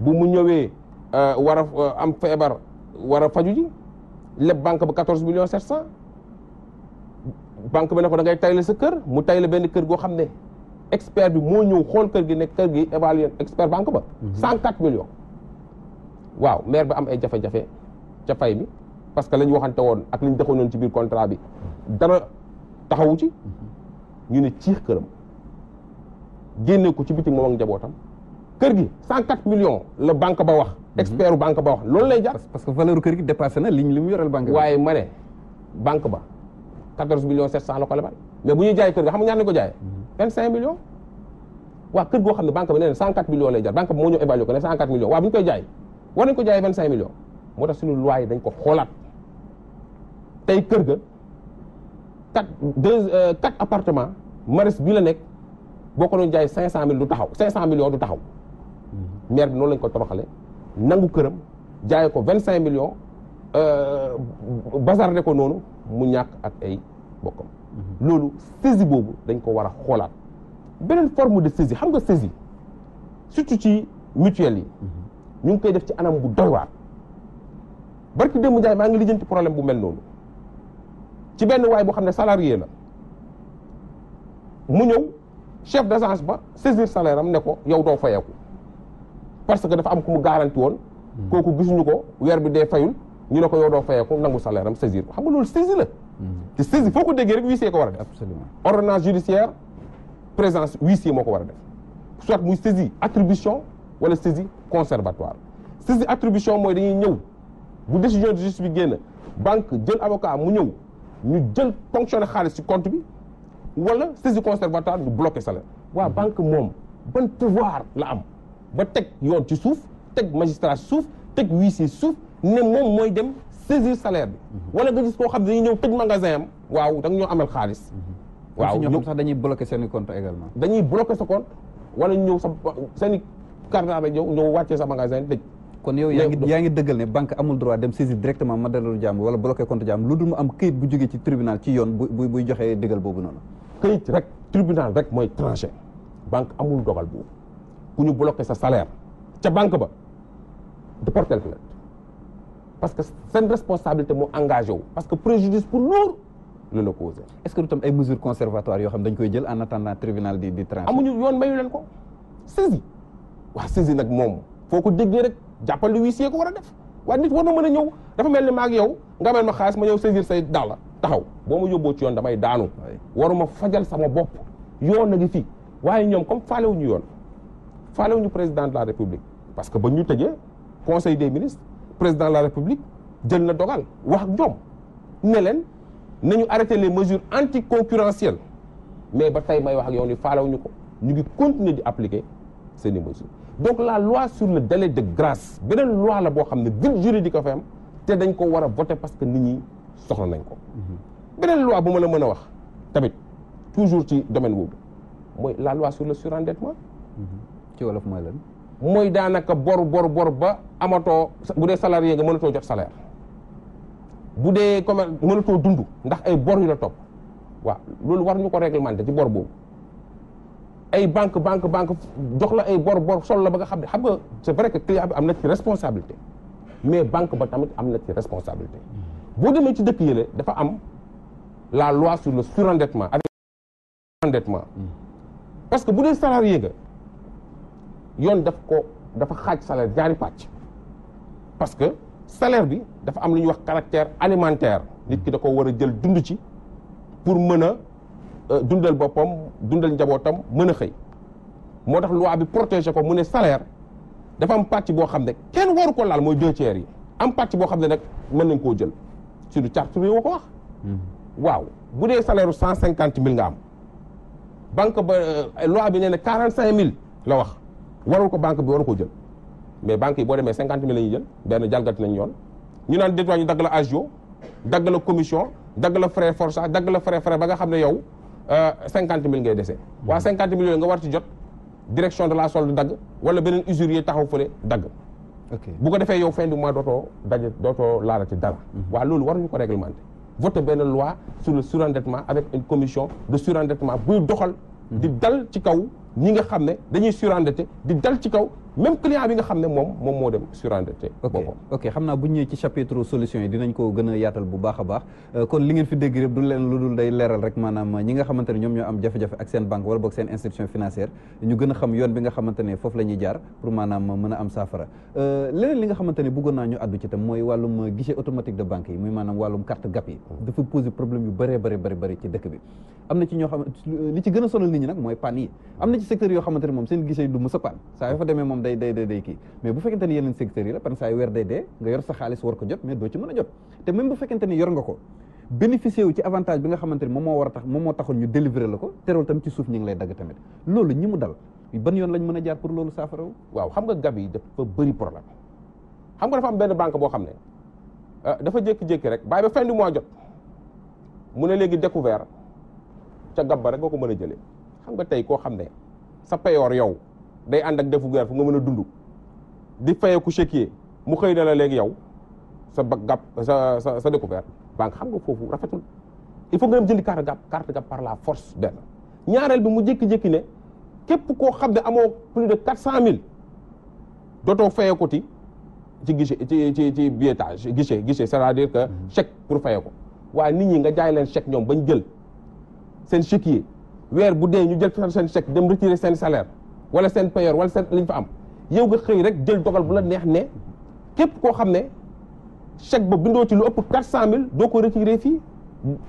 bu mu ñëwee euh, war a euh, am feebar wara a faju ji leb banque ba quatorze millions sept cent banque ba ne ko ngay tayle sa kër mu tayle benn kër goo xam ne expert bi moo ñëw xool kër gi nekk kër gi évalué expert banque ba mhm. cent quatre millions waaw maire bi am ay jafe-jafe ca fay bi parce que la ñu waxante woon ak li ñu dexoonoon ci biir contrat bi taxawu ci ñu ne ciix këram génne ko ci biti moom ak njabootam kër gi cent quatre millions la banque ba wax mhm. expert u banque ba wax loolu lay jar parce que valeur kër gi dépassé na li mu yoreel banque waaye ma ne banque ba quatorze millions sept ko mais bu ñuy jaay kër ga xam nga ñaar nañ ko jaayee mhm. vingt cinq millions waa kër goo xam ne banque ba ne na cent quatre millions lay jar banque ba moo ñëw évalué ko ne cent quatre millions waa bu ñu koy jaay war nañ ko jaayee vingt moo tax lu loi yi dañ ko xoolaat tey kër ga quatre deux euh, quatre appartements maris bi la nekk boo ko doon jaay cinq cent mille du taxaw cinq cent millions du taxaw mhm. maire bi noonu lañ ko toroxale nangu këram jaay ko vingt cinq millions euh, bazarde ko noonu mu ñàkk ak ay bokkam mhm. loolu saisie boobu dañ ko war a xoolaat beneen forme de saisie xam nga saisie surtout ci mutuel yi mhm. ñu ngi koy def ci anam bu doy waar barki démb Njaay maa ngi lijjanti problème bu mel noonu ci benn waay boo xam ne salarié la mu ñëw chef d'agence ba saisir salaire am ne ko yow doo fayeeku parce que dafa am ku mu garanti woon kooku gisuñu ko weer bi dee fayul ñu ne ko yow doo fayeeku nangu salaire am saisir ko xam nga loolu saisie la mm-hmm. te saisie foo ko déggee rek huissier ko war a def absolument ordonnance judiciaire présence huissier moo ko war a def soit muy saisie attribution wala saisi conservatoire saisie attribution mooy dañuy ñëw bu décision de justice bi génn banque jël avocat mu ñëw ñu jël ponctionné xaalis ci compte bi wala saisie conservatoire ñu bloqué salaire waa mhm. banque moom ban pouvoir la am ba teg yoon ci suuf teg magistrat suuf teg huissier suuf ne moom mooy dem saisir salaire bi mhm. wala nga koo xam ne dañuy ñëw tëj magasin am waaw da nga ñoo amal xaalis mhm. waaw ñoo sax dañuy bloqué seeni i compte également dañuy bloqué sa compte wala ñëw sa seen i carte yow ñëw wàccee sa magasin tëj kon yow yaa ngi yaa ngi dëggal ne banque amul droit dem saisir directement matérielu jàmbur wala bloqué compte jàmbur lu dul mu am këyit bu jógee ci tribunal ci yoon bu buy joxee digal boobu noonu këyit rek tribunal rek mooy tranché banque amul dogal boobu ku ñu bloqué sa salaire ca banque ba de porter plainte parce que seen responsabilité moo engagé wu parce que préjudice pour lourd la la causé est-ce que du tam ay mesures conservatoires yoo xam dañ koy jël en attendant tribunal di di tranché amuñu yoon mayu leen ko saisi waa saisi nag moom ko déggee rek jàppal lu huissier ko war a def waaye nit war na mën a ñëw dafa mel ni maag yow nga mel ma xaalis ma ñëw saisir say dàll taxaw boo ma yóbboo ci yoon damay daanu waruma fajal sama bopp yoon a ngi fi waaye ñoom comme faalewuñu yoon faalewuñu président de la république parce que ba ñu tëjee conseil des ministres président de la jël na dogal wax ak ne leen nañu arrêté les mesures anticoncurrentielles mais ba tey may wax yow ni faalewuñu ko ñu ngi continuer di appliquer seen i mesures donc la loi sur le délai de grâce beneen loi la boo xam ne vide juridique di fa am te dañ ko war a voter parce que nit ñi soxla nañ ko mhm. beneen loi bu ma la mën a wax tamit toujours ci domaine boobu mooy la loi sur le surendettement mhm. ci wolof mooy lan mooy daanaka bor bor bor ba amatoo bu dee salarié nga mënatoo jot salaire bu dee comme mënatoo dund ndax ay bor yu la topp waaw loolu war ñu ko de ci bor boobu ay banque banque banque jox la ay bor bor la ba nga xam ne xam nga c'est vrai que client bi am na ci responsabilité mais banque ba tamit am na ci responsabilité boo demee ci dëkk yële dafa am la loi sur le surendettement avec endettement parce que bu dee salarié nga yoon daf ko dafa xaaj salaire ñaari pàcc parce que salaire bi dafa am lu ñuy wax caractère alimentaire nit ki da ko war a jël dund ci pour mën a Euh, dundal boppam dundal njabootam mën a xëy moo tax loi bi protéger ko mu ne salaire dafa am pàcc boo xam ne kenn waru ko laal mooy deux tiers yi am pàcc boo xam ne nag mën nañ koo jël suñu charte réew ko wax hmm. waaw bu dee salairu cent cinquante mille nga am banque ba euh, loi bi nee na quarante cinq mille la wax warul ko banque bi waru ko jël mais banque boo demee cinquante mille la ñuy jël benn jalgati nañ yoon ñu naan détoit ñu dagg la agio dagg la commission dagg la frais forçat dagg la frais frais ba nga xam ne yow Euh, cinquante mille ngay desee waa cinquante mille nga war ci jot direction de la solde dagg wala beneen usurier taxaw fële dagg bu ko defee yow fin du mois dootoo daje dootoo laala ci dara mhm. waa loolu waruñu ko réglementer voter benn loi sur le surendettement avec une commission de surendettement buy doxal di mhm. dal ci kaw ñi nga xam ne dañuy surendetté di dal ci kaw même client bi nga xam ne moom moom moo dem surendetté boppam ok xam naa bu ñëwee ci solution yi dinañ ko gën a yaatal bu baax a baax euh, kon li ngeen fi dégg rek du leen lu dul day leeral rek maanaam ñi nga xamante ne ñoom ñoo am jafe-jafe ak seen banque wala boog seen institution financière ñu gën a xam yoon bi nga xamante foofu la jaar pour maanaam mën a am saafara euh, leneen li nga xamante ne bëggoon naa ñu addu ci tam mooy wàllum guichet automatique de banque yi muy maanaam wàllum carte gap mm. a sonal nit ñi nag mooy panne am na moom seen guichet maanaam day day day day kii mais bu fekkente ni yeneen secteurs yi la parce que ay yor sa xaalis war ko jot mais doo ci mën a jot te même bu fekkente ni yor nga ko bénéficier wu ci avantage bi nga xamante ni moom moo war a tax moom moo taxoon ñu délivrer la ko terewul tamit ci suuf ñi ngi lay dagg tamit loolu ñi mu dal ban yoon lañ mën a jaar pour loolu saafara waaw xam nga gab yi dafa bëri problème xam nga dafa am benn banque boo xam ne euh, dafa jékki-jékki rek bàyyi ba fin du mois jot mu ne léegi découvert ca gab ba rek nga ko mën a jëlee xam nga tey koo xam ne sa payoor yow day ànd ak defu guerre fu nga mën a dundu di fayeku chéquier mu xëy na la léegi yow sa ba gàpp sa sa sa découvert banque xam nga foofu rafetul il faut nga dem jëndi carte gàpp carte gàpp par la force benn ñaareel bi mu jékki-jékki ne képp koo xam ne amoo plus de quatre cent mille dootoo fayeku ti ci guichet ci ci ci billetage guichet guichet c'est-à-dire mm-hmm. pour faye ko waaye nit ñi nga jaay leen chèque ñoom bañ jël seen chéquier weer bu dee ñu jël seen chèque dem retirer seen salaire wala seen payoor wala seen liñ fa am yow nga xëy rek jël dogal bu la neex ne képp koo xam ne chèque ba bindoo ci lu ëpp quatre cent mille doo ko retiré fii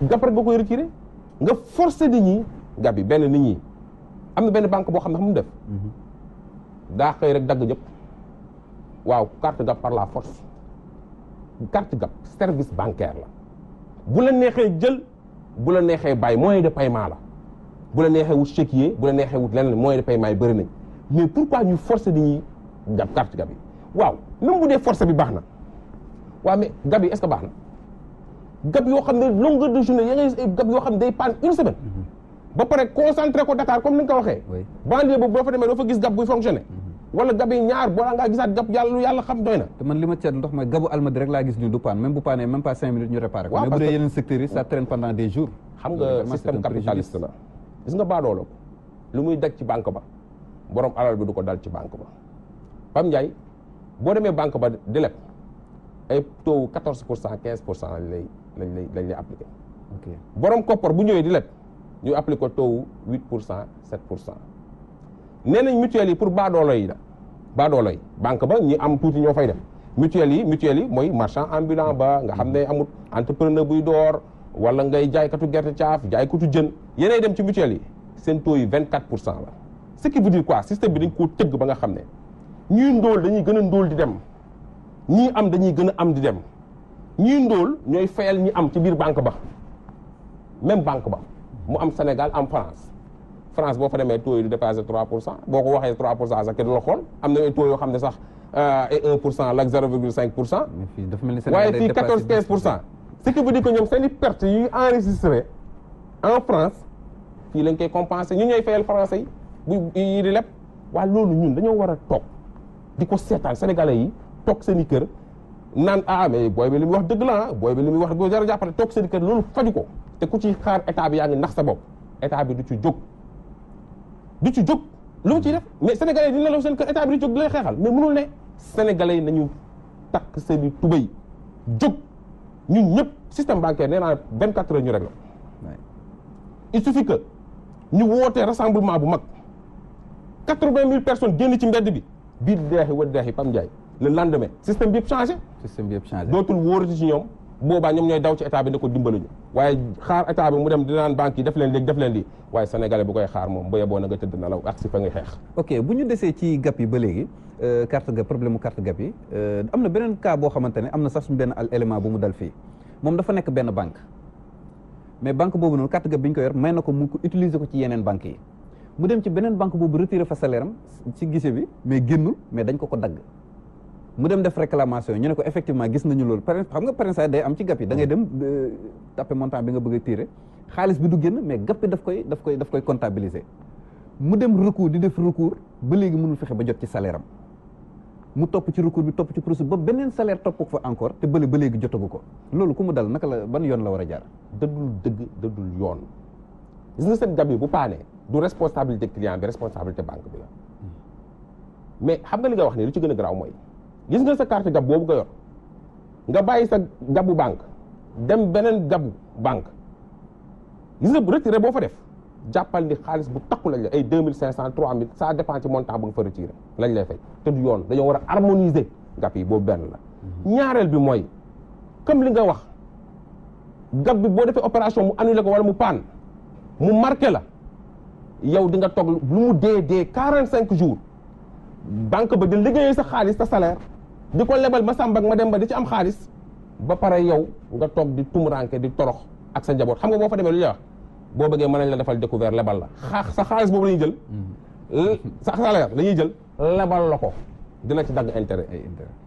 d'après nga koy retiré nga force nit ñi gab bi benn nit ñi am na benn banque boo xam ne xam mu def mhm. daa xëy rek dagg ñëpp waaw carte gab par la force carte gab service bancaire la bu la neexee jël bu la neexee bàyyi moyen de paiement la bu la neexee wut chéquier bu la neexee wut leneen moyen de paiement yi bëri nañ mais pourquoi ñu forcer nit ñi gab carte gab yi waaw même bi baax na waaw mais gab yi est ce que baax na gab de journée gab yoo xam ne day panne mm-hmm. ba pare concentré ko Dakar comme ni nga ko waxee banlieue boobu fa demee doo fa gis gab buy fonctionné mm-hmm. wala gab yi ñaar boo gab yàlla xam doy na te li ma seet ndox ma gabu almadi rek laa gis ñu du paan même bu paanee même pas cinq minutes ñu réparé ko mais bu dee yeneen secteurs yi ça gis nga baadoola ko lu muy daj ci banque ba borom alal bi du ko dal ci banque ba Pam Ndiaye boo demee banque ba di leb ay taux 14 pour cent 15 pour cent lañ lay lañ lay lañ lay appliqué. ok borom koppar bu ñëwee di leb ñu appliqué taux huit pour cent 7 pour cent nee nañ mutuel yi pour baadoola yi la baadoola banque ba ñi am tuuti ñoo fay def mutuel yi mutuelle yi mooy marchand ambulant ba nga xam ne amut entrepreneur buy door. wala ngay jaaykatu gerte caaf jaaykatu jën yeneen dem ci mutuelle yi seen taux vingt 24 pour cent la ce qui veut dire quoi système bi dañ tëgg ba nga xam ne ñuy ndóol dañuy gën a di dem ñii am dañuy gën a am di dem ñuy ndóol ñooy fayal ñi am ci biir banque ba même banque ba mu am Sénégal am France France boo fa demee taux du dépassé 3 pour cent boo ko waxee 3 pour cent sax kenn du la xool am na ay taux yoo xam ne sax et euh, 1 pour cent la ak waaye fii pour cent. ce qui veut dire ñoom seen i perte yu enregistré en France fii lañ koy compensé ñu ñooy fayal français yi bu yi di leb waaye loolu ñun dañoo war a toog di ko seetaan sénégalais yi toog seen i kër naan a ah, amee booy bi li muy wax dëgg la ah, booy bi li muy wax dëgg jar a jàppale toog seen i kër loolu faju ko te ku ci xaar état bi yaa ngi nax sa bopp état bi du ci jóg du ci jóg lu mu ciy def mais sénégalais yi dina la seen kër état bi du jóg lay xeexal mais mënul ne sénégalais yi nañu takk seen i tubéy jóg ñu ñëpp système banque nee naa vingt quatre heures ñu rek la il suffit que ñu woote rassemblement bu mag quatre vingt mille personnes génn ci mbedd bi bii deexi wa deexi Pam Ndiaye le lendement système bi yëpp changé système bi dootul wóorati ci ñoom boobaa ñoom ñooy daw ci état bi ne ko dimbaluñu waaye xaar état bi mu dem di naan banque yi def leen léegi def leen lii waaye sénégalais bu koy xaar moom bu yeboo na nga tëdd nalaw ak si fa ngay xeex ok bu ñu desee ci gap yi ba léegi euh, carte gap problème mu carte yi euh, am na beneen cas boo xamante ne am na sax suñu benn élément bu mu dal fii moom dafa nekk benn banque mais banque boobu noonu carte gap bi ñu ko yor may na ko mu ko utiliser ko ci yeneen banque yi mu dem ci beneen banque boobu retiré fa salaire am bi mais génnul mais dañ ko ko dagg mu dem def réclamation ñu ne ko effectivement gis nañu loolu par xam nga parrainage day am ci gàpp yi da ngay dem euh, tapé montant bi nga bëgg a tiré xaalis bi du génn mais gàpp daf koy daf koy daf koy comptabiliser mu dem recours di def recours ba léegi mënul fexe ba jot ci salaire am mu topp ci recours bi topp ci procédure ba beneen salaire topp ko fa encore te bële ba léegi jotagu ko loolu ku mu dal naka la ban yoon la war a jaar dëddul dëgg dëddul yoon gis nga seen bu paanee du responsabilité client bi responsabilité bi hmm. mais xam nga li nga wax ne li ci gën a garaaw mooy gis nga sa carte gab boobu nga yor nga bàyyi sa gabu banque dem beneen gabu banque gis nga retiré boo fa def jàppal ni xaalis bu takku lañ la ay deux mille cinq cent trois mille ça dépend ci montant bu nga fa retiré lañ lay fay te du yoon dañoo war a harmoniser gab yi boobu benn la ñaareel bi mooy comme li nga wax gab bi boo defee opération mu annulé ko wala mu paan mu marqué la yow di nga toog lu mu dee dee quarante cinq jours banque ba di liggéeyee sa xaalis sa salaire di ko lebal ma sàmba ma dem ba di ci am xaalis ba pare yow nga toog di tumuranke di torox ak sa njaboot xam nga boo fa demee lu ñuy wax boo bëggee ma nañ la defal découvert lebal la xaax sa xaalis boobu la ñuy jël mm-hmm. sa salaire la ñuy jël lebal la ko dina ci dagg intérêt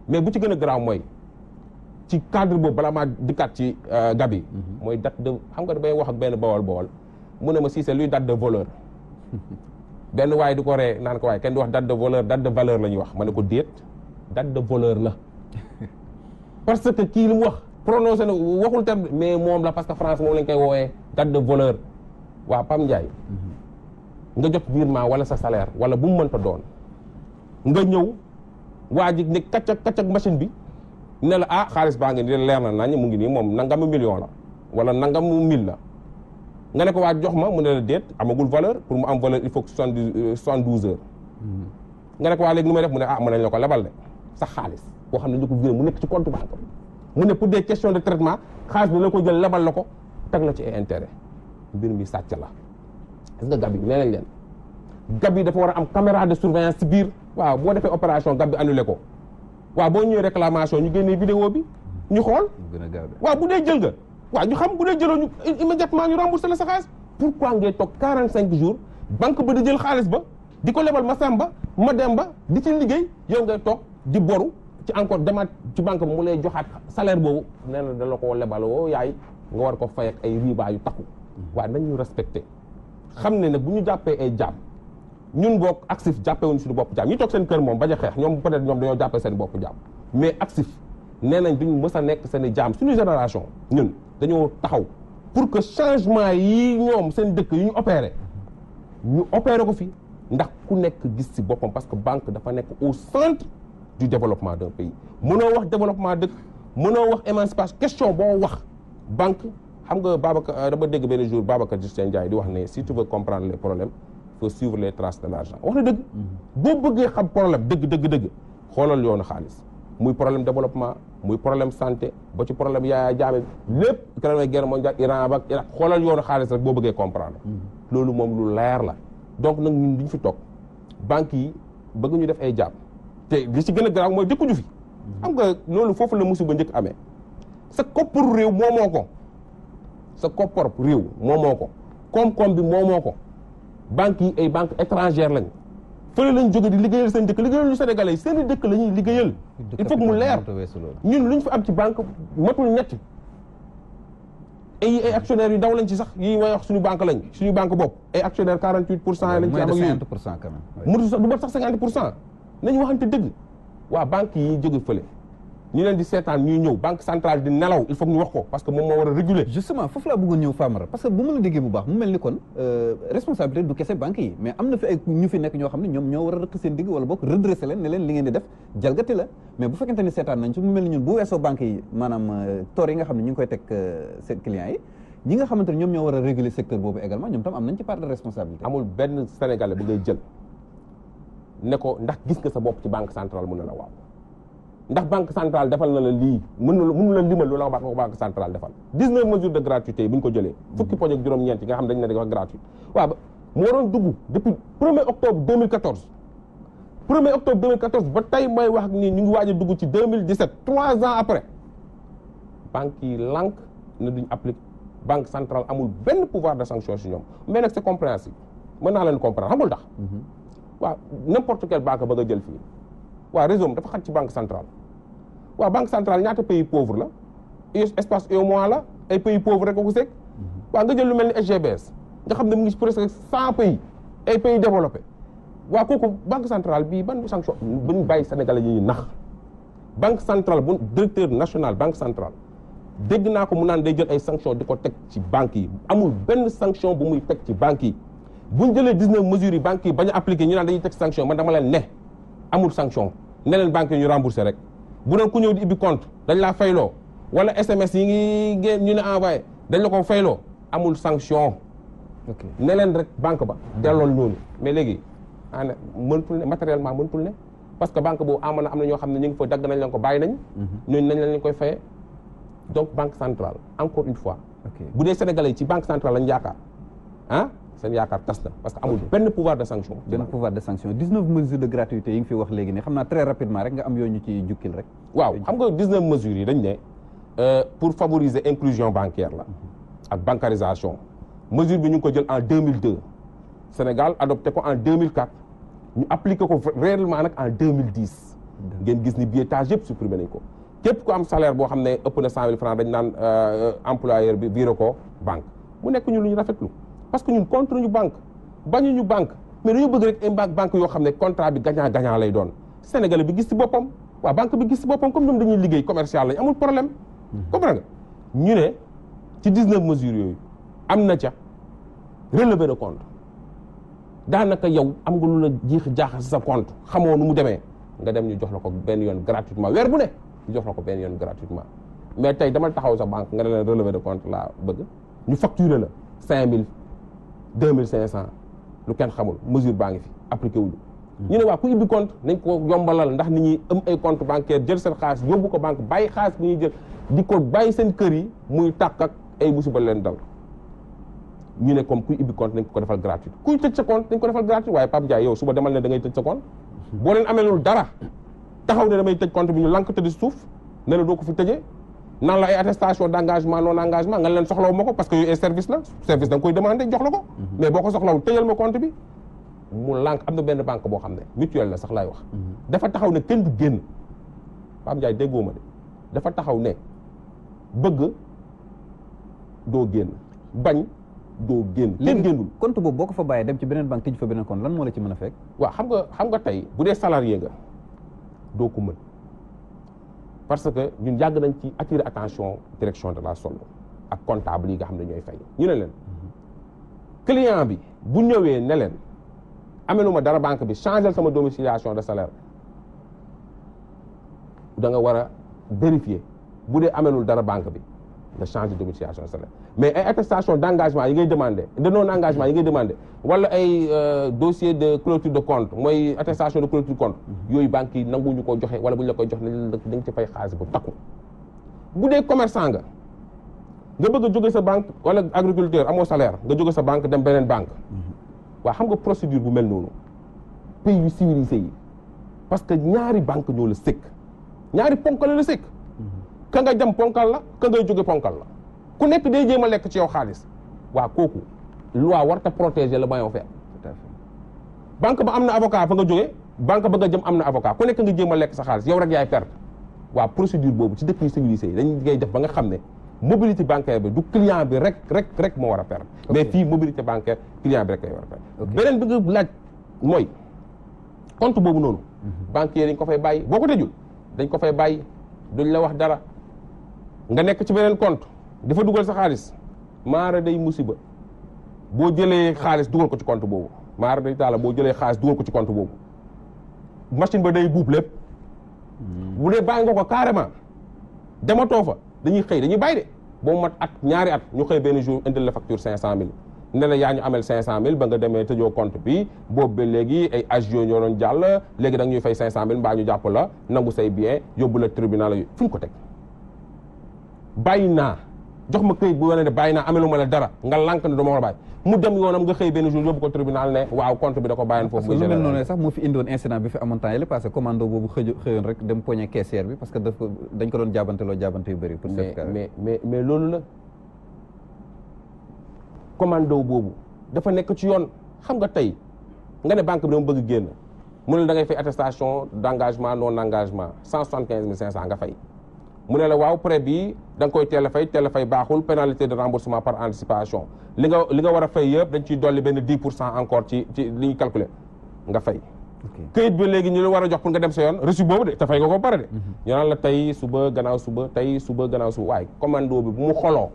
mais bu ci gën a garaaw mooy ci cadre boobu bala maa dikkaat ci euh, gab yi mm-hmm. mooy date de xam nga damay wax ak benn bawol bawol mu ne ma siisee luy date de voleur benn waaye di ko ree naan ko waaye kenn di wax la ñuy wax ma ne ko déet date de voleur la parce que kii lu mu wax prononcé na waxul terme mais moom la parce que France moom lañ koy woowee date de voleur waa Pam Ndiaye nga jot virement wala sa salaire wala bu mu mënta doon nga ñëw waa ji ne kacak kacak machine bi ne la ah xaalis baa ngi nii leer na nañ mu ngi nii moom nangamu million la wala nangamu mille la nga ne ko waa jox ma mu ne la déet amagul valeur pour mu am valeur il faut que soixante euh, douze heures mhm. nga ne waa léegi nu def mu ne ah mën nañ sa xaalis boo xam ne ñu ko viré mu nekk ci compte banque mu ne pour des questions de traitement xaalis bi la ko jël lebal na ko teg la ci ay intérêt mbir mi sàcc la gis nga gab yi nee nañ leen gab yi dafa war a am caméra de surveillance ci biir waaw boo defee opération gab bi annulé ko waaw boo ñëwee réclamation ñu génnee vidéo bi ñu xool waaw bu dee jël nga waaw ñu xam bu dee jëloo ñu immédiatement ñu remboursé la sa xaalis pourquoi ngay toog 45 jours banque ba di jël xaalis ba di ko lebal ma Samba ma Demba di ci liggéey yow ngay toog di boru ci encore demaat ci banque bi mu lay joxaat salaire boobu nee na da la ko lebal woo yaay nga war ko fay ay riba yu takku mhm. waaye nañ ñu respecté xam ne nag bu ñu jàppee ay jaam ñun boog actif jàppee wuñ suñu bopp jaam ñi toog seen kër moom bañ a xeex ñoom peut-être ñoom dañoo jàppee seen bopp jaam mais actif nee nañ duñu mës a nekk seen i jaam suñu génération ñun dañoo taxaw pour que changement yi ñoom seen dëkk yu ñu opeere ñu opéré ko fi ndax ku nekk gis si boppam parce que banque dafa nekk au centre du développement de pays mënoo wax développement dëkk mënoo wax émancipation question boo wax banque xam nga Babacar euh, dama dégg benn jour Babacar Justin Ndiaye di wax ne surtout tu veux comprendre les problèmes faut suivre les traces de l'argent wax na dëgg mhm. boo bëggee xam problème dëgg dëgg dëgg xoolal yoonu xaalis muy problème développement muy problème santé ba ci problème yaaya jaame lépp crane guerre mondiale Iran ak Irak xoolal yoonu xaalis rek boo bëggee comprendre mhm. loolu moom lu leer la donc nag ñun fi toog banques yi bëgg ñu def ay jàpp te li si gën a garaaw mooy dëkkuñu fi mm-hmm. xam nga loolu foofu la musiba njëkk amee sa kopparu réew moo moomoo ko sa koppar réew moo ko koom-koom moo moo ko banques yi ay banques étrangères lañ fële lañ jóge di liggéeyal seen dëkk liggéeyal ñu sénégalais yi seen i dëkk liggéeyal il faut que mu leer ñun lu ñu fi am ci banque matul ñett ay ay actionnaires yu ndaw lañ ci sax yi may lañ suñu banque bopp ay actionnaire pour cent lañ ci am ak yooyu matul sax du mat sax nañ waxante dëgg waa banque yi jóge fële ñu leen di seetaan ñuy ñëw banque centrale di nelaw il faut ñu wax ko parce que moom moo war a réguler justement foofu laa bëggoon ñëw Famara parce que bu ma la déggee bu baax mu mel ni kon euh, responsabilité du kese banque yi mais am na fi ay ñu fi nekk ñoo xam ne ñoom ñoo war a rëq seen digg wala boog redressé leen ne leen li ngeen di def jalgati la mais bu fekkente ni seetaan nañ ci mu mel ni ñun bu weesoo euh, euh, ñoo war a réguler secteur boobu également ne ko ndax gis nga sa bopp ci banque centrale mun na la waaw ndax banque centrale defal na la lii mën na la limal loolu la ko banque centrale defal 19 mesures de gratuité yi bu ko jëlee fukki poñ ak juróom-ñeent yi nga xam dañ ne dafa gratuit waaw mu waroon dugg depuis 1er octobre 2014 ba tey mooy wax ak nii ñu ngi waaj a dugg ci 2017 3 ans après banque yi lànk na duñ applique banque centrale amul benn pouvoir de sanction si ñoom mais nag mën naa leen comprendre xamul tax mm-hmm. waaw n'importe quelle banque ba nga jël fii waa réseau dafa xat ci banque centrale waaw banque centrale ñaata pays pauvre la espace mois la ay pays pauvre rek ko seeg mhm. waaw nga jël lu mel ni SGBS nga xam ne mu ngi presque cent pays ay pays développé waaw kooku banque centrale bii ban sanction bu ñu bàyyi Sénégal yi ñuy nax banque centrale bu directeur national banque centrale dégg naa ko mu naan day jël ay sanction di ko teg ci banques yi amul benn sanction bu muy teg ci banques yi bu ñu jëlee 19 mesures yi banques yi bañ a appliqué ñu naan dañuy teg sanction man dama leen ne amul sanction ne leen banques yi ñu remboursé rek bu ne ku ñëw di ibbi compte dañ laa fayloo wala SMS yi ngi génn ñu ne envoyé dañ la ko fayloo amul sanction. ok ne leen rek banque ba dellool ñooñu mais léegi ana mëntul ne matériellement mëntul ne parce que banque boobu amoon na am na ñoo xam ne ñu ngi fa dagg nañ leen ko bàyyi nañ. Mhm. ñooñu nañ leen koy fayee donc banque centrale encore une bu dee sénégalais yi ci banque centrale lañ yaakaar ah. seen yaakaar tas na parce que amul benn pouvoir de sanction benn pouvoir de sanction 19 mesures de gratuité yi nga fi wax léegi ne xam naa très rapidement rek nga am yoo ñu ci jukkil rek waaw xam nga 19 mesures yi dañ ne euh, pour favoriser inclusion bancaire la mhm. ak bancarisation mesure bi ñu ngi ko jël en 2002 Sénégal adopté ko en 2004 ñu appliqué ko réellement nag en 2010 ngeen gis ni billetage yëpp supprimé nañ ko képp ku am salaire boo xam ne ëpp na 100000 francs dañ naan euh, employeur bi viré ko banque mu nekk ñu lu ñu rafetlu parce que ñun contre ñu banque bañu ñu banque mais dañu bëgg rek ay banque yoo xam ne contrat bi gagnant gagnant lay doon Sénégalais bi gis ci boppam waa banque bi gis ci boppam comme ñoom dañuy liggéey commercial lañ amul problème hmm. comprendre nga ñu ne ci 19 mesures yooyu am na ca relever de compte daanaka yow am nga lu la jiix jaaxal sa compte xamoo nu mu demee nga dem ñu jox la ko benn yoon gratuitement weer bu ne ñu jox la ko benn yoon gratuitement mais tey dama taxaw sa banque nga ne leen relevé de compte bëgg ñu facturer la 5000 deux mille cinq cent lu kenn xamul mesure baa ngi fi appliqué wuñu ñu ne waa ku ubbi compte nañ ko yombalal ndax nit ñi am ay compte bancaire jël seen xaalis yóbbu ko banque bàyyi xaalis bu ñuy jël di ko bàyyi seen kër yi muy tàkk ak ay musiba leen dal ñu ne comme kuy ubbi compte nañ ko defal gratuit kuy tëj sa compte nañ ko defal gratuit waaye Pape Ndiaye yow suba demal ne da ngay tëj sa compte boo leen ameelul dara taxaw ne damay tëj compte bi ñu lank tëdd suuf ne la doo ko fi tëjee nan la ay attestation d' engagement non engagement nga leen soxlawu ma ko parce que yooyu ay service la service da koy demandé jox la ko mhm. mais boo ko soxlawul tëjal ma compte bi mu lànk am na benn banque boo xam ne mutuelle la sax wax mhm. dafa taxaw ne kenn du génn Pape Ndiaye déggoo ma de dafa taxaw ne bëgg doo génn bañ doo génn leen génnul compte boobu boo ko fa bàyyee dem ci beneen banque tëj fa beneen compte lan moo la ci mën a fekk waaw xam nga xam nga tey bu dee salarié nga doo ko parce que ñun yàgg nañ ci attirer attention direction de la solde ak comptable yi nga xam ne ñooy fay ñu ne leen client bi bu ñëwee ne leen ma dara banque bi changer sama domiciliation de salaire da nga war a vérifier bu dee amelul dara banque bi nga changer domiciliation salaire mais ay attestation d' engagement yi ngay demandé de non engagement yi ngay demandé wala ay euh, dossier de clôture de compte mooy attestation de clôture de compte yooyu banques yi nanguñu ko joxe wala bu ñu la koy jox nañ la da nga ci fay xaalis bu takku bu dee commerçant nga nga bëgg a jóge sa banque wala agriculteur amoo salaire nga jóge sa banque dem beneen banque waa xam nga procédure bu mel noonu pays yu civilisé yi parce que ñaari banque ñoo la sëkk ñaari ponk la la ka nga jam ponkal la ka ngay jóge ponkal la ku nekk day jéem a lekk ci yow xaalis waa kooku loi war ta protéger la moyen offert banque ba am na avocat fa nga jóge banque ba nga jëm am na avocat ku nekk nga jéem a lekk sa xaalis yow rek yaay perte waa procédure boobu ci dëkk yu civilisé yi dañ ngay def ba nga xam ne mobilité bancaire bi du client bi rek rek rek moo war a perdre mais fii mobilité bancaire client bi rek lay war a perdre beneen bi laaj mooy compte boobu noonu mhm. banquier dañ ko fay bàyyi boo ko tëjul dañ ko fay bàyyi duñ la wax dara nga nekk ci beneen compte dafa dugal sa xaalis maara day musiba boo jëlee xaalis dugal ko ci compte boobu maara day taala boo jëlee xaalis dugal ko ci compte boobu machine ba day buub lépp hmm. bu dee bàyyi nga ko carrément dematoo fa dañuy xëy dañuy bàyyi de boo mat at ñaari at ñu xëy benn jour indil la facture cinq cent mille ne la yaa ñu amel cinq cent mille ba nga demee tëjoo compte bi boobu ba léegi ay agio ñoo doon jàll léegi da nga ñuy fay cinq cent mille mbaa ñu jàpp la nangu say bien yóbbu la tribunal la fu ko teg bàyyi naa jox ma këyit bu wane ne bàyyi naa amelu ma la dara nga lànk ne du ma a bàyyi mu dem yoonam nga xëy benn jour yóbbu ko tribunal ne waaw compte bi da ko bàyyoon foofu. muy général parce que lu mel noonu sax moo fi indiwoon incident bi fi boobu doon jaabante loo jaabante yu bëri. pour mais mais mais boobu dafa nekk ci yoon xam nga tey nga ne banque bi dama bëgg génn mu ne da ngay fay attestation d' engagement non engagement cent soixante quinze mille cinq cent nga fay. mu ne la waaw prêt bi da nga koy teel a fay teel fay baaxul pénalité de remboursement par anticipation li nga li nga war a fay yëpp dañ ciy dolli benn 10 pour cent encore ci ci li ñu calculer nga fay. këyit bi léegi ñu ne war a jox pour nga dem sa yoon reçu boobu de te fay nga ko pare de. Mhm. ñu naan la tey suba gannaaw suba tey suba gannaaw suba waaye commando bi bu mu xoloo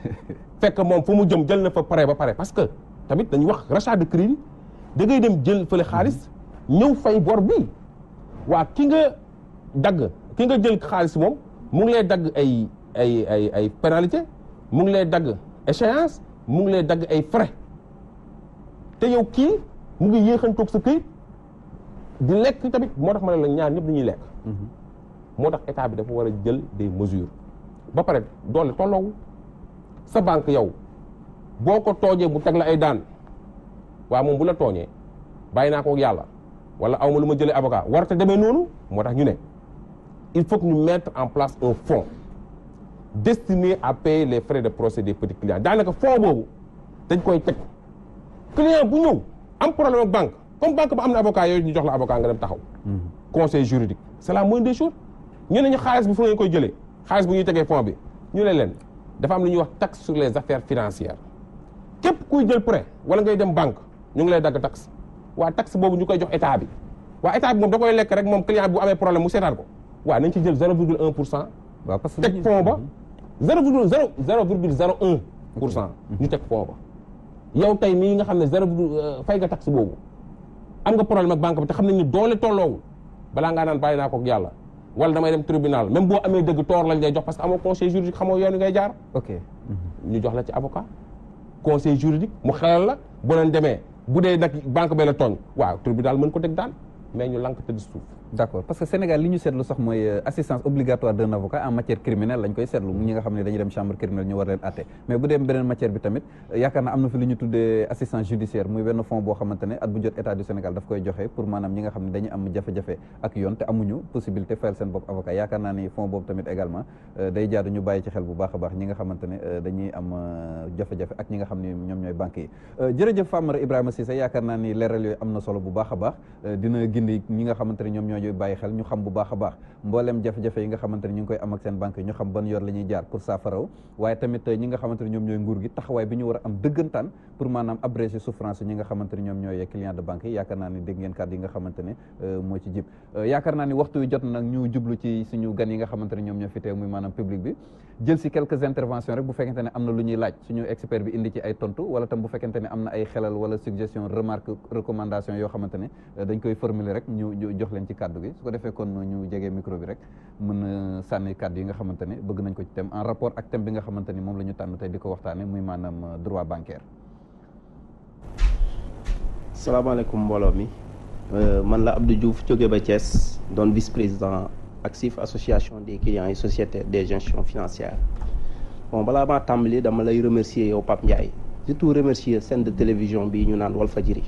fekk moom fu mu jëm jël na fa pare ba pare parce que tamit dañu wax rachat de crédit da ngay dem jël fële xaalis mhm. ñëw fay bor bi waa ki nga dagg ki nga jël xaalis moom. mu ngi lay dagg ay ay ay ay pénalité mu ngi lay dagg échéance mu ngi lay dagg ay frais te yow kii mu ngi yéexantoog sa këyit di lekk tamit moo tax ma ne la ñaar ñëpp ñuy lekk mm-hmm. moo tax état bi dafa war a jël des mesures ba pare doole tolloowu sa banque yow boo ko toojee bu teg la ay daan waaw moom bu la tooñee bàyyi naa ko yàlla wala awma lu ma jëlee avocat warate demee noonu moo tax ñu ne il faut que ñu mettre en place un fonds destiné à payer les frais de procès des petits clients daanaka fonds boobu dañ koy teg client bu ñëw am problème ak banque comme banque ba am na avocat yooyu ñu jox la avocat nga dem taxaw mm-hmm. conseil juridique c'est la moindre des choses ñu ne ñu xaalis bi fu ngeen koy jëlee xaalis bu ñuy tegee fonds bi ñu ne leen dafa am lu ñuy wax taxe sur les affaires financières képp kuy jël prêt wala ngay dem banque ñu ngi lay dagg taxe waa taxe boobu ñu koy jox état bi waa état bi moom da moom client bi bu amee mu seetaan ko waa nañ ci jël zéro virgule pour cent. waaw que teg pont ba. zéro virgule un pour cent. ñu teg pont ba. yow tey mii nga xam ne zéro virgule euh, fay nga taxe boobu am nga problème ak banque bi te xam nañ ni doole tolloowul balaa nga naan bàyyi naa ko yàlla. wala damay dem tribunal même boo amee dëgg toor lañ lay jox parce que amoo conseil juridique xamoo yoon wi ngay jaar. ok ñu jox la ci avocat. conseil juridique mu xelal la bu leen demee bu dee nag banque bi la tooñ waaw tribunal mën ko teg daan mais ñu lank tëdd suuf. d' accord parce que Sénégal li ñu seetlu sax mooy euh, assistance obligatoire d'un avocat matière criminelle lañ koy seetlu ñi nga xam ne dañuy dem chambre criminelle ñu war leen àtte mais bu dem beneen matière bi tamit euh, yaakaar naa am na fi li ñu tuddee assistance judiciaire muy benn fonds boo xamante at bu jot état du Sénégal daf koy joxe pour maanaam ñi nga xam ne dañu am jafe-jafe ak yoon te amuñu euh, a ñi nga xam ne ñoom ñooy banques yi jërëjëf Famara am na solo a baax dina gindi ñi ñoo bàyyi xel ñu xam bu baax a baax mbooleem jafe-jafe yi nga xamante ne ñu koy am ak seen banque yi ñu xam ban yor la jaar pour saafaraw waaye tamit ñi nga xamante ñoom ñooy nguur de banque yi yaakaar naa ni dégg ngeen kàddu yi nga xamante euh, moo ci jib euh, yaakaar naa ni waxtu yu jot nag ñu jublu ci suñu gan yi nga xamante ñoom ñoo fi teew muy maanaam public bi jël si quelques intervention rek bu fekkente ne am na lu ñuy laaj suñu expert bi indi ci ay tontu wala tam bu fekkente ne am na ay xelal wala suggestion remarque recommandation yoo xamante ne euh, dañ koy formuler rek ñu jox leen ci kàddu gi su ko defee kon ñu jegee micro bi rek mën a sànni kàddu yi nga xamante ne bëgg nañ ko ci thème en rapport ak thème bi nga xamante ni moom la ñu tànn tey di ko waxtaane muy maanaam euh, droit bancaire salaamaaleykum mbooloo mi euh, man la Abdou Diouf jóge ba Thiès doon vice président ak SIF association des clients et société des gestions financières bon balaa maa tàmbali dama lay remercier yow Pape Ndiaye surtout remercier chaîne de télévision bi ñu naan Walfadjri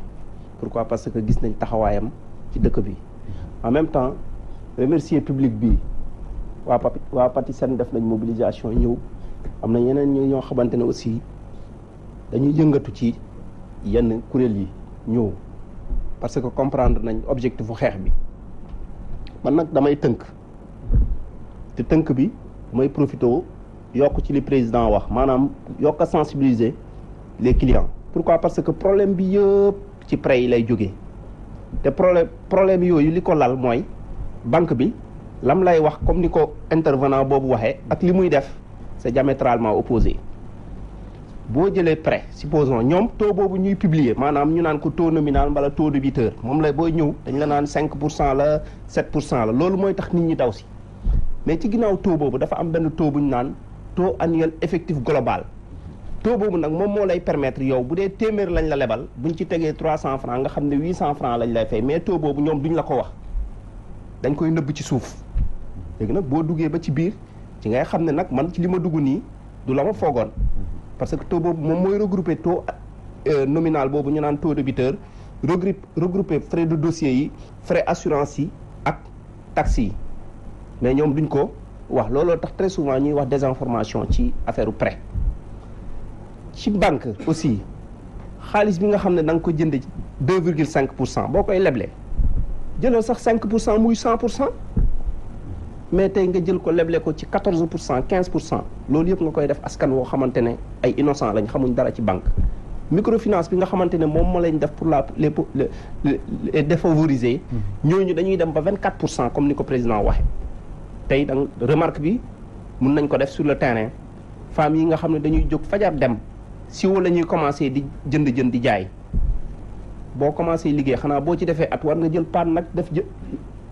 pourquoi parce que gis nañ taxawaayam ci dëkk bi en même temps remercier public bi waa pa waa Patisen def nañ mobilisation ñëw am na yeneen ñu ñoo xamante ne aussi dañuy yëngatu ci yenn kuréel yi ñëw parce que comprendre nañ objectifu xeex bi man nag damay tënk te tënk bi mooy profité yokk ci li président wax maanaam yokk a sensibiliser les clients pourquoi parce que problème bi yëpp ci prêt yi lay jógee te problème problème yooyu li ko lal mooy banque bi lam lay wax comme ni ko intervenant boobu waxee ak li muy def c'est diamétralement opposé boo jëlee prêt supposons ñoom taux boobu ñuy publier maanaam ñu naan ko taux nominal mbala taux débiteur moom la booy ñëw dañ la naan 5 pour cent la 7 pour cent la loolu mooy tax nit ñi daw si mais ci ginnaaw taux boobu dafa am benn taux bu ñu naan taux annuel effectif global taux boobu nag moom moo lay permettre yow bu dee téeméer lañ la lebal bu ñu ci tegee 300 francs nga xam ne 800 francs lañ lay fay mais taux boobu ñoom ñu la ko wax dañ koy nëbb ci suuf léegi nag boo duggee ba ci biir ci ngay xam ne nag man ci li ma dugg nii du la ma foogoon parce que taux boobu moom mooy regrouper taux euh, nominal boobu ñu naan taux débiteur regrouper regrouper frais de dossier yi frais assurance yi ak taxes mais ñoom duñ ko wax looloo tax très souvent ñuy wax désinformation ci affaire prêt ci banque aussi xaalis bi nga xam ne da nga ko jënd deux virgule cinq pour cent boo koy leble jëlal sax cinq pour cent muy cent pour cent mais tey nga jël ko leble ko ci quatorze pour cent quinze pour cent loolu yëpp nga koy def askan woo xamante ne ay innocent lañ xamuñ dara ci banque microfinance bi nga xamante ne moom moo lañ def pour la les les défavorisés mmh. ñooñu dañuy dem ba vingt quatre pour cent comme ni ko président waxe tey dang remarque bi mun nañ ko def sur le terrain femmes yi nga xam ne dañuy jóg fajar dem siwo la ñuy commencé di jënd jënd di jaay boo commencé liggéey xanaa boo ci defee at war nga jël paan nag def jë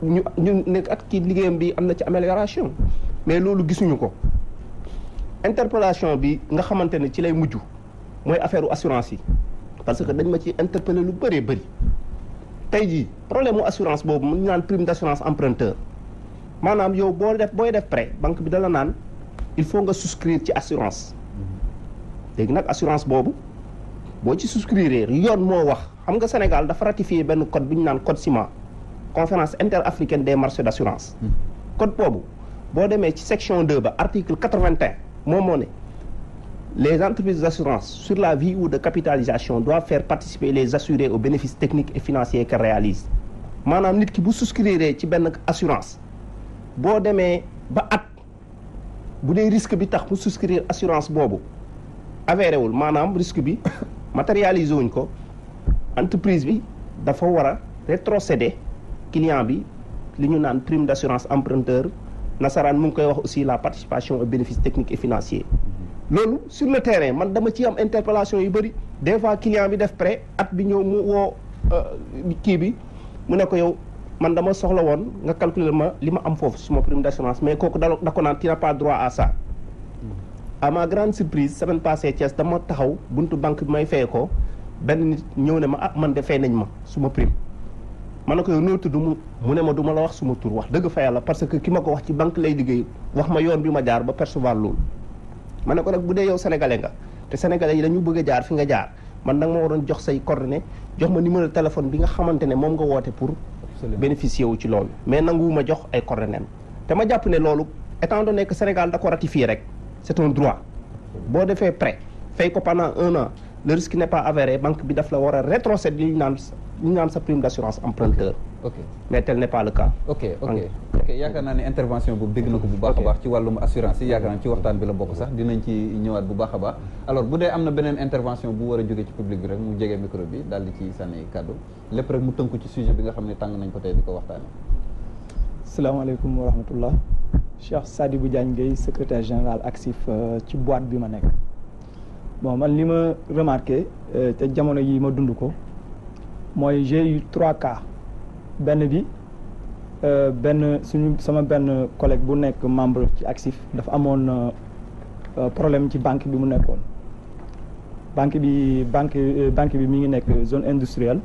ñu ñu nekk ak kii liggéeyam bi am na ci amélioration mais loolu gisuñu ko interpellation bi nga xamante ne ci lay mujj mooy affaire assurance yi parce que dañ ma ci interpellé lu bëree bëri tey jii problème mu assurance boobu mu naan prime d' assurance emprunteur maanaam yow boo def booy def prêt banque bi dala naan il faut nga souscrire ci assurance léegi nag assurance boobu boo ci souscrire yoon moo wax xam nga Sénégal dafa ratifié benn code bu ñu naan code CIMA conférence interafricaine des marchés d' assurance. Hmm. code boobu boo demee ci section 2 ba article 81 moom moo ne les entreprises d' assurance sur la vie de capitalisation doivent faire participer les assurés aux bénéfices technique et financiers qu'elles réalisent maanaam nit ki bu souscrire ci benn assurance. boo demee ba at bu dee risque bi tax mu souscrire assurance boobu avéré wul maanaam risque bi matérialiser wuñ ko entreprise bi dafa war a rétrocéder client bi li ñu naan prime d' assurance emprunteur nasaraan mu ngi koy wax aussi la participation aux bénéfices techniques et financiers. Mm-hmm. loolu sur le terrain man dama ci am interpellation yu bëri des fois client bi def prêt at bi ñëw mu woo euh, kii bi mu ne ko yow. man dama soxla woon nga calculer ma li ma am foofu suma prime d'assurance mais kooku da da ko naan tu n'as droit à ça. Mm. à ma grande surprise semaine pass Thiès dama taxaw buntu banque bi may fay ko benn nit ñëw ne ma ah man de fay nañ ma suma prime. man na ko yow noo tudd mu mu ne ma du la wax suma tur wax dëgg fa yàlla parce que ki ma ko wax ci banque lay liggéey wax ma yoon bi ma jaar ba percevoir loolu. ma ne ko nag bu dee yow sénégalais nga te sénégalais yi dañu bëgg jaar fi nga jaar man nag ma waroon jox say coordonnées jox ma numéro téléphone bi nga xamante ne moom nga woote pour. bénéficier wu ci loolu mais nanguwuma jox ay coordonnées te ma jàpp ne loolu étant donné que Sénégal da ko ratifié rek c'est un droit boo defee prêt fay ko pendant un an le risque n'est pas avéré banque bi daf la war a rétrocéder li ñu naan li ñu naan sa prime d'assurance emprunteur ok mais tel n'est pas ok ok yaakaar naa ne intervention boobu dégg na ko bu baax a baax. ci wàllum assurance yi yaakaar naa ci waxtaan bi la bokk sax dinañ ci ñëwaat bu baax a baax. alors bu dee am na beneen intervention bu war a jóge ci public bi rek mu jege micro bi daal di ci sànni kàddu lépp rek mu tënku ci sujet bi nga xam ne tàng nañ ko tey di ko waxtaanee. salaamaaleykum wa rahmatullah Cheikh Sadibou Diagne Gueye secrétaire général actif euh, ci boîte bi ma nekk. bon man li ma remarqué euh, te jamono yi ma dund ko mooy j'ai benn bi euh, benn suñu sama benn collègue bu nekk membre ci actif dafa amoon euh, euh, problème ci banque bi mu nekkoon banque bi banque banque bi mi ngi nekk zone industrielle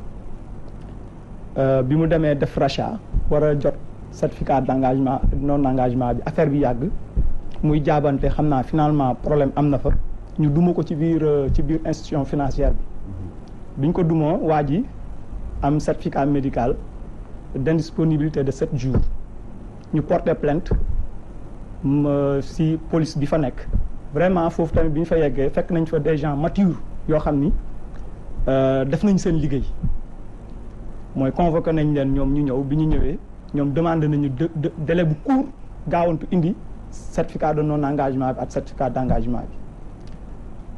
bi mu demee def rachat wara jot certificat d'engagement non engagement bi affaire bi yàgg muy jaabante xam naa finalement problème am na fa ñu duma ko ci biir ci biir institution financière bi mm-hmm. biñ ko duma waa ji am certificat médical d'indisponibilité de sept jours ñu porter plainte si police bi fa nekk vraiment foofu tamit bi ñu fa yeggee fekk nañ fa des gens yoo xam ni euh, def nañ seen liggéey mooy convoqué nañ leen ñoom ñu ñëw bi ñu ñëwee ñoom demandé nañu délai bu court gaawantu indi certificat de non engagement bi ak certificat d' engagement bi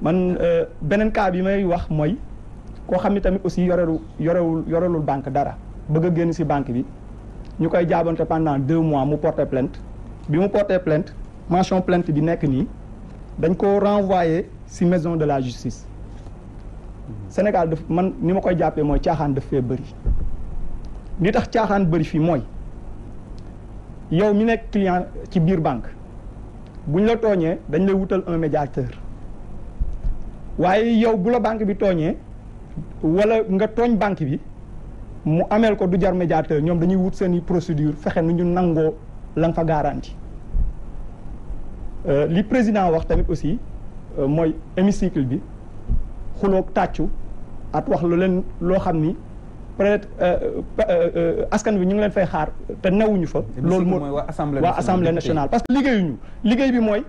man euh, beneen cas bi may wax mooy koo xam ni tamit aussi yorelu yorewul yorelul banque dara bëgg a génn si banque bi ñu koy jaabante pendant deux mois mu porté plainte bi mu porté plainte mention plainte bi nekk nii dañ koo renvoyé si maison de la justice Sénégal daf man ni ma koy jàppee mooy caaxaan daf fee bëri li tax caaxaan bëri fi mooy yow mi nekk client ci biir banque buñ la tooñee dañ lay wutal un médiateur waaye yow bu la banque bi tooñee wala nga tooñ banque bi mu ameel ko du jar médiateur ñoom dañuy wut seen i procédure fexe nu ñu nangoo la nga fa garanti euh, li président wax tamit aussi euh, mooy hémicycle bi xuloog tàccu at wax lu leen loo xam ni peut-être euh, askan bi ñu ngi leen fay xaar te newuñu fa loolu moo waa assemblée nationale parce que liggéeyuñu liggéey bi mooy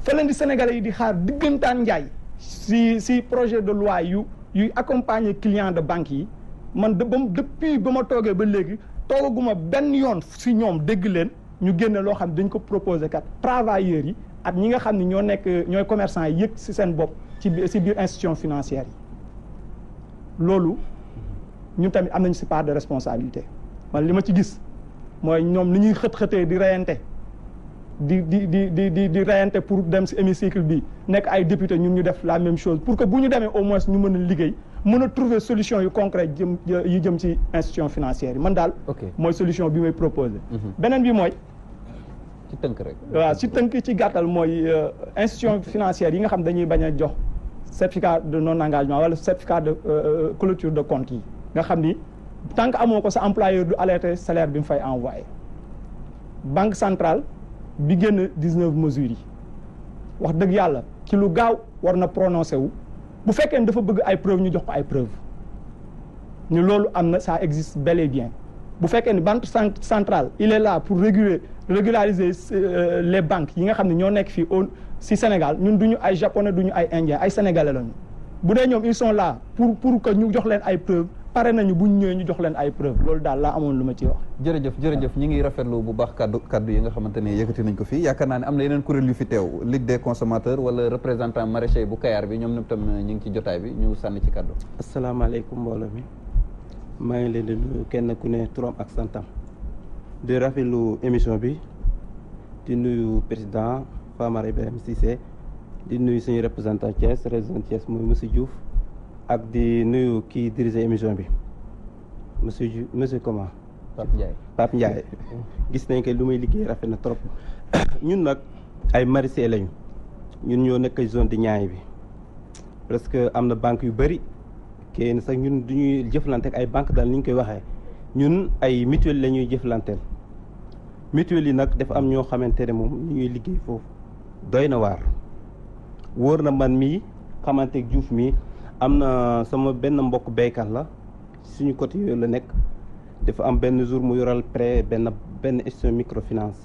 fa leen di sénégalais yi di xaar diggantaan njaay si si projet de loi yu yuy accompagner client de banque yi man de ba depuis ba ma toogee ba léegi toogaguma benn yoon si ñoom dégg leen ñu génne loo xam dañ ko proposé kat travailleurs yi ak ñi nga xam ne ñoo nekk ñooy commerçant yi yëg si seen bopp ci si biir institution financière yi loolu ñu tamit am nañ si part de responsabilité man li ma ci gis mooy ñoom ni ñuy xët-xëtee di reyante di di di di di di reyante pour dem si hémicycle bi nekk ay député ñun ñu def la même chose pour que bu ñu demee au moins ñu mën a liggéey mën a trouver solution yu concret jëm yu jëm si institution financière yi man daal. mooy solution bi may proposer. Mhm. beneen bi mooy. tënk rek. waaw si tënk ci gàttal mooy euh, institution financière yi nga xam dañuy bañ a jox certificat de non engagement wala certificat de euh, euh, clôture de compte yi nga xam ni tant amoo ko sa employeur du alerter salaire bi mu fay envoyé. banque centrale bi génn 19 mesures yi wax dëgg yàlla ci lu gaaw war na prononcé wu. bu fekkee ne dafa bëgg ay preuve ñu jox ko ay preuve ñu loolu am na ça existe bel et bien bu fekkee ne banque centrale il est là pour réguler régulariser euh, les banques yi nga xam ne ñoo nekk fii au si Sénégal ñun du ñu ay japonais du ñu ay indiens ay sénégalais lañu bu dee ñoom ils sont là pour pour que ñu jox leen ay preuve pare nañu bu ñu ñëwee ñu jox leen ay preuve loolu daal laa amoon lu ma ci wax jërëjëf jërëjëf ñi ngi rafetlu bu baax kaddu kaddu yi nga xamante ni yëkkati nañ ko fi yaakaar naa ne am na yeneen kuréel yu fi teew ligue des consommateurs wala représentant maraîcher bu kayaar bi ñoom tam ñu ngi ci jotaay bi ñu sànni ci kaddu asalaamaaleykum mbooloo mi maa ngi leen di kenn ku ne turam ak santam di rafet lu émission bi di nuyu président Famara si Cissé di nuyu suñu représentant Thiès région Thiès Diouf ak di nuyu kii dirige émission bi monsieur monsieur comment Pape Ndiaye Pape gis nañ que lu muy liggéey rafet na trop ñun nag ay maraîchers lañu ñun ñoo nekk zone di ñaay bi parce que am na banque yu bëri kenn sax ñun du ñuy jëflante ay banque daal ni ñu koy waxee ñun ay mutuelle la ñuy jëflanteel mutuelle yi nag dafa am ñoo xamante ne moom ñu ñuy liggéey foofu doy na waar wóor na man mii xamante Diouf mii am na sama benn mbokk béykat la suñu côté yooyu la nekk dafa am benn jour mu yoral prêt benn benn institution microfinance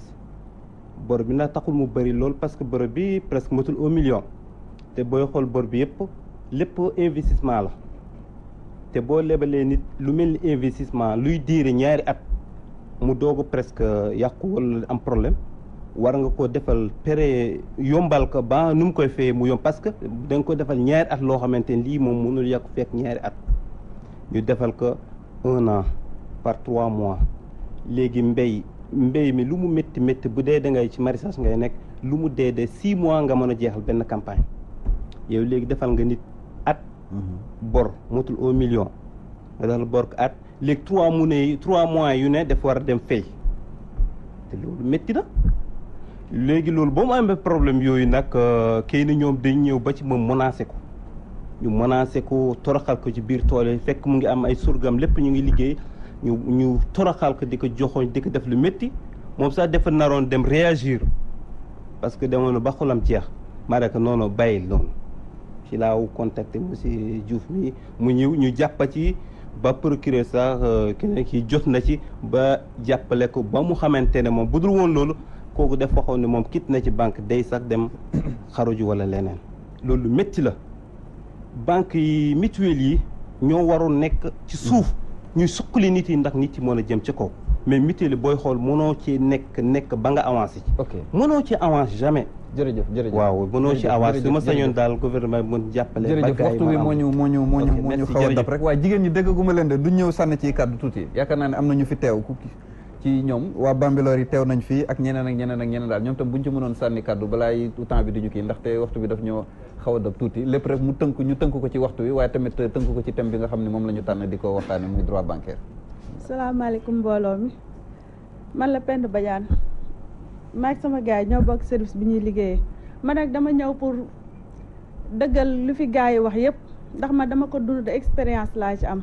bor bi nag taxul mu bëri lool parce que bor bi presque matul au million te booy xool bor bi yëpp lépp investissement la te boo lebalee nit lu mel ni investissement luy diire ñaari at mu doog presque yàqu wala am problème war nga ko defal pere yombal ko ba nu mu koy fayee mu yomb parce que da nga ko defal ñaari at loo xamante ni lii moom mënul yàqu fekk ñaari at ñu defal ko un an par trois mois léegi mbéy mbéy mi lu mu métti métti bu dee da ngay ci maraîchage ngay nekk lu mu dee de six mois nga mën a jeexal benn campagne yow léegi defal nga nit at mhm. bor motul au million nga defal bor at léegi trois mu ne trois mois yu ne dafa war a dem fay te loolu métti na léegi loolu ba mu amee problème yooyu nag euh, kii ni ñoom dañ ñëw ba ci moom menacé ko ñu menacé ko toroxal ko ci biir tool yi fekk mu ngi am ay surgam lépp ñu ngi liggéey ñu ñu toroxal ko di ko joxoñ di ko def lu métti moom sax dafa naroon dem réagir parce que demoon ba xolam jeex ma ne ko noonu bàyyil noonu ci laaw contacté monsieur Diouf mi mu ñëw ñu jàppal ci ba procureur sax euh, keneen ki jot na ci ba jàppale ko ba mu xamante ne moom bu dul woon loolu kooku def waxoon ne moom kit na ci banque day sax dem xaruju wala leneen loolu métti la banque yi mutuelle yi ñoo waroon nekk ci suuf mm. ñuy li nit yi ndax nit yi mën a jëm ci kaw mais mutuelle booy xool mënoo ci nekk nekk ba nga avance ci mënoo ci avancé jamais jërëjëf jërëjëf waaw mënoo ci avancé su ma sañoon daal gouvernement bi mën jàppale jërëjëf waxtu bi moo ñu moo ñu moo ñu moo ñu xaw a dab rek ñi dégg gu du ñëw sànni ci kàddu tuuti yaakaar naa na ñu fi teew ku ci ñoom waa Bambilor yi teew nañ fii ak ñeneen ak ñeneen ak ñeneen daal ñoom tam bu ñu ci mënoon sànni kàddu balaay temps bi di ñu kii ndaxte waxtu bi daf ñoo xaw a dab tuuti lépp rek mu tënk ñu tënk ko ci waxtu wi waaye tamit tënk ko ci thème bi nga xam ne moom la ñu tànn di ko waxtaane muy droit bancaire salaamaaleykum mbooloo mi man la Penda Badiane maag sama gars yi ñoo bokk service bi ñuy liggéeyee ma nag dama ñëw pour dëggal lu fi gars yi wax yëpp ndax ma dama ko dund expérience laa ci am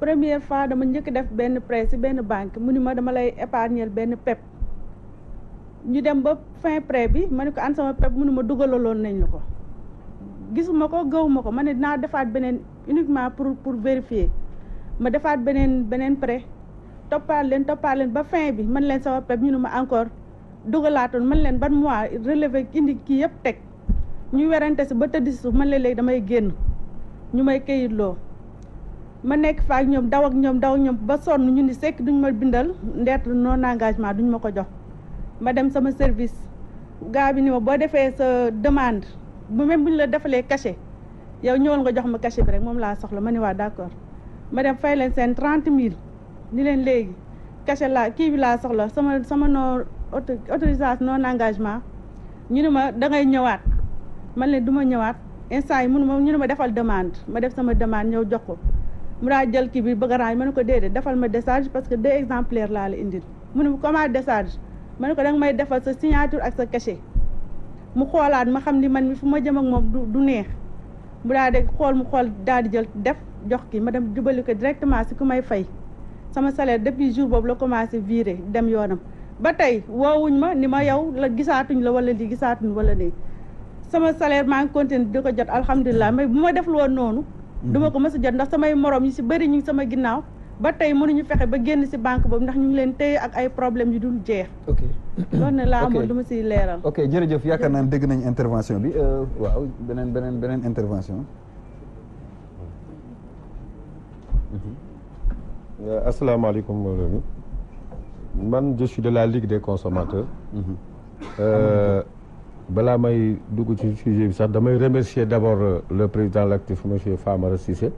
première fois dama njëkk def benn prêt ci benn banque mu ni ma dama lay épargner benn PEP ñu dem ba fin prêt bi ma ne ko an sama PEP mu ni ma dugalaloon nañ la ko gisuma ko gëwuma ko ma ne dinaa defaat beneen uniquement pour pour vérifier ma defaat beneen beneen prêt toppaat leen toppaat leen ba fin bi man leen sama PEP ñu ne ma encore dugalaatoon man leen ban mois relever indi kii yëpp teg ñu werante si ba tëdd si suuf man leen léegi damay génn ñu may këyitloo ma nekk fa ñoom daw ak ñoom daw ak ba sonn ñu ni sekk duñ ma bindal lettre noon engagement duñ ma ko jox ma dem sama service gaa bi ni ma boo defee sa demande ma même bu ñu la defalee kache yow ñëwal nga jox ma kache bi rek moom laa soxla ma ne waa d'accord ma dem fay leen seen trente mille ni leen léegi cachet laa kii bi laa soxla sama sama non autorisation non engagement ñu ne ma dangay ñëwaat man leen du ma ñëwaat instant yi mënu ma ñu ne ma defal demande ma def sama demande ñëw jox ko mu daa jël ki bi bëgg a raay ko déedéet defal ma décharge parce que deux exemplaires laa la indil mu ne comment décharge ma ne ko danga may defal sa signature ak sa cachet mu xoolaat ma xam ni man mi fu ma jëm ak moom du neex mu daa de xool mu xool daal di jël def jox ki ma dem jubali ko directement si ku may fay sama salaire depuis jour boobu la commencé viré dem yoonam ba tey woowuñ ma ni ma yow la gisaatuñ la wala lii gisaatuñ wala nii sama salaire maa ngi continué ko jot alhamdulilah mais bu ma def noonu du ma ko mës a jot ndax samay moroom yi si bëri ñu sama ginnaaw ba tey mënuñu fexe ba génn si banque boobu ndax ñu ngi leen téye ak ay problème yu dul jeex. ok loolu ne laa amoon du ma siy leeral. ok jërëjëf yaakaar naa dégg nañ intervention bi euh, waaw beneen beneen beneen intervention. Mhm. Euh, asalaamaaleykum mbooloo man je de la Ligue des consommateurs. Mhm. Euh, balaa may dugg ci sujet bi sax damay remercier d'abord euh, le président l'actif monsieur Famara Cissé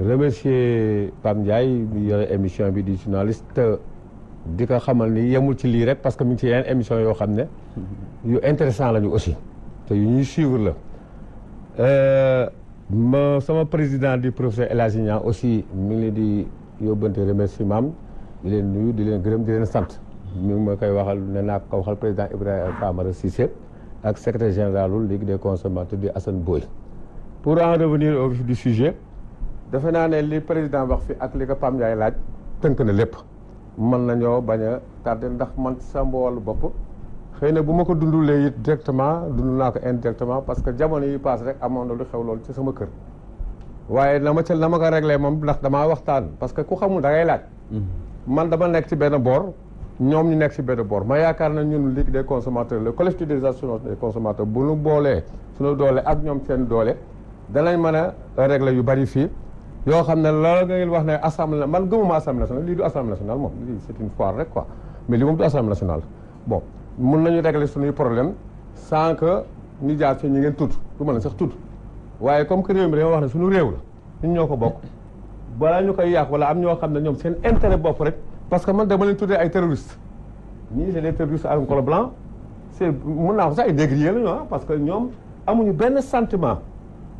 remercier Pam Ndiaye bi yore émission bi di journaliste euh, di ko xamal ni yemul ci lii rek parce que mu ngi ci émission yoo xam ne mm-hmm. yu intéressant lañu aussi te yu ñuy suivre la euh, ma sama président du professeur El Hadji aussi mi ngi leen di yóbbante remerciement am di leen nuyu di leen gërëm di leen sant mi ma koy waxal ne naa ko waxal président Ibrahima Famara Cissé ak secrétaire généralu Ligue des consommateurs di Assane Boy pour en revenir au vif du sujet defe naa ne li président wax fi ak li ko Pam Ndiaye laaj tënk na lépp mën nañoo bañ a tardé ndax man sa wàllu bopp xëy na bu ma ko dundulee it directement dundu naa ko indirectement parce que jamono yi paase rek amoon na lu xew loolu ci sama kër waaye na ma ca na ma ko réglé moom ndax damaa waxtaan parce que ku xamul da laaj mm-hmm. man dama nekk ci benn boor ñoom ñu nekk si benn boor ma yaakaar na ñun ligue des consommateurs le collectif des assurances des consommateurs bu ñu boolee suñu doole ak ñoom seen doole danañ mën a régler yu bari fii yoo xam ne loolu nga wax ne assemblée man gëmuma assemblée nationale lii du assemblée nationale moom lii c'est une foire rek quoi mais lii moom du assemblée nationale bon mun nañu régler suñuy problème sans que ñu jaar ci ñi ngeen tudd du mën a sax tudd waaye comme que réew mi dañoo wax ne suñu réew ñoo ko bokk balaa ñu koy yàq wala am ñoo xam ne ñoom seen intérêt bopp rek parce que man dama leen tuddee ay terroristes ñii c'est des terroristes à col blanc c'est mën naa ko sax ay négrier la ah parce que ñoom amuñu benn sentiment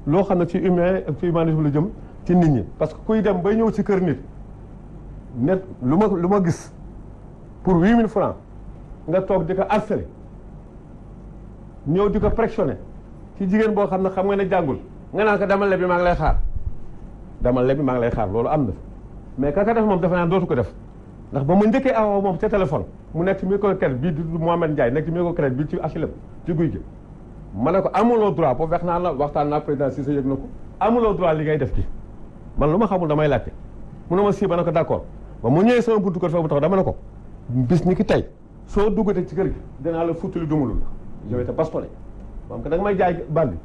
loo xam ne ci humain ci humanisme la jëm ci nit ñi parce que kuy dem bay ñëw ci kër nit net lu ma lu ma gis pour huit mille francs nga toog di ko harcelé ñëw di ko pressionné ci jigéen boo xam ne xam nga ne jàngul nga naan ko dama lebi maa ngi lay xaar dama lebi maa ngi lay xaar loolu am na mais ka ka def moom dafa naan dootu ko def ndax ba ma njëkkee awa moom ca téléphone mu nekk ci microcrédit bii di Mohamed Ndiaye nekk ci microcrédit bii ci HLM ci guy gi ma ne ko amuloo droit boobu wax naa la waxtaan naa président Cissé yëg na ko amuloo droit li ngay def ci man lu ma xamul damay laajte mu ne ma si ba ne ko d' accord ba mu ñëwee sama buntu kër fa mu tax dama ne ko bis ni ki tey soo duggatee ci kër gi dinaa la futtali dumalul la jowete bastole maam que da nga may jaay bandi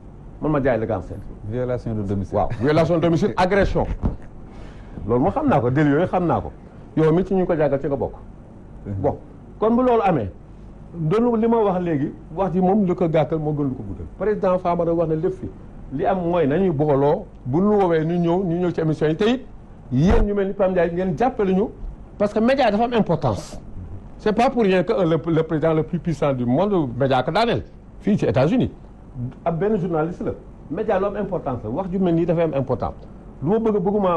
man ma jaay la gàncax gi. violation de domicile waaw violation de domicile agression loolu moo xam naa ko délit yooyu xam naa ko yow mi ci ñu ko jàngal ci nga bokk. Mhm. bon kon bu loolu amee doonu li ma wax léegi wax ji moom lu ko gàkkal moo gën lu ko guddal président Famara wax ne lépp fi li am mooy nañuy booloo bu nu woowee ñu ñëw ñu ñëw ci émission yi tey it yéen ñu mel ni Pam Ndiaye ngeen jàppale ñu parce que média dafa am importance. Mhm. c' est pas pour rien que le le président le plus puissant du monde média ko daaneel fii ci États-Unis ab benn journaliste la média lu am importance wax ju mel nii dafay am importance. lu ma bëgg bëgguma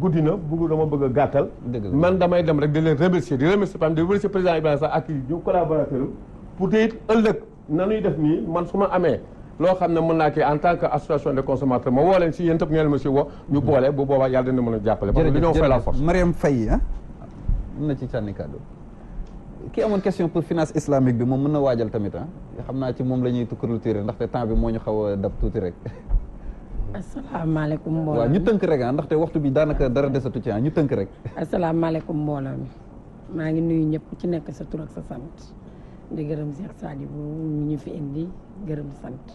guddi na bëgg dama bëgg a gàttal man damay dem rek di leen remercier di remercier pam di remercier président Ibrahima ak ñu collaborateur pour te it ëllëg nanuy def nii man su ma amee loo xam ne mun naa ki en tant que association de consommateurs ma woo leen si yéen tëpp ngeen ma si woo ñu mm-hmm. boole bu boobaa yàlla dina mën a jàppale Mariam Faye ah na ci sànni kàddu ki amoon question pour finance islamique bi moom mën na waajal tamit ah xam naa ci moom la ñuy tukkalu tiré ndaxte temps moo ñu xaw a tuuti rek asalaamaaleykum mbooloo waaw ñu tënk rek ah ndaxte waxtu bi daanaka dara desatu ci ah ñu tënk rek. asalaamaaleykum mbooloo mi maa ngi nuyu ñëpp ci nekk sa tur ak sa sant di gërëm Cheikh Sadibou mu ñu fi indi gërëm sant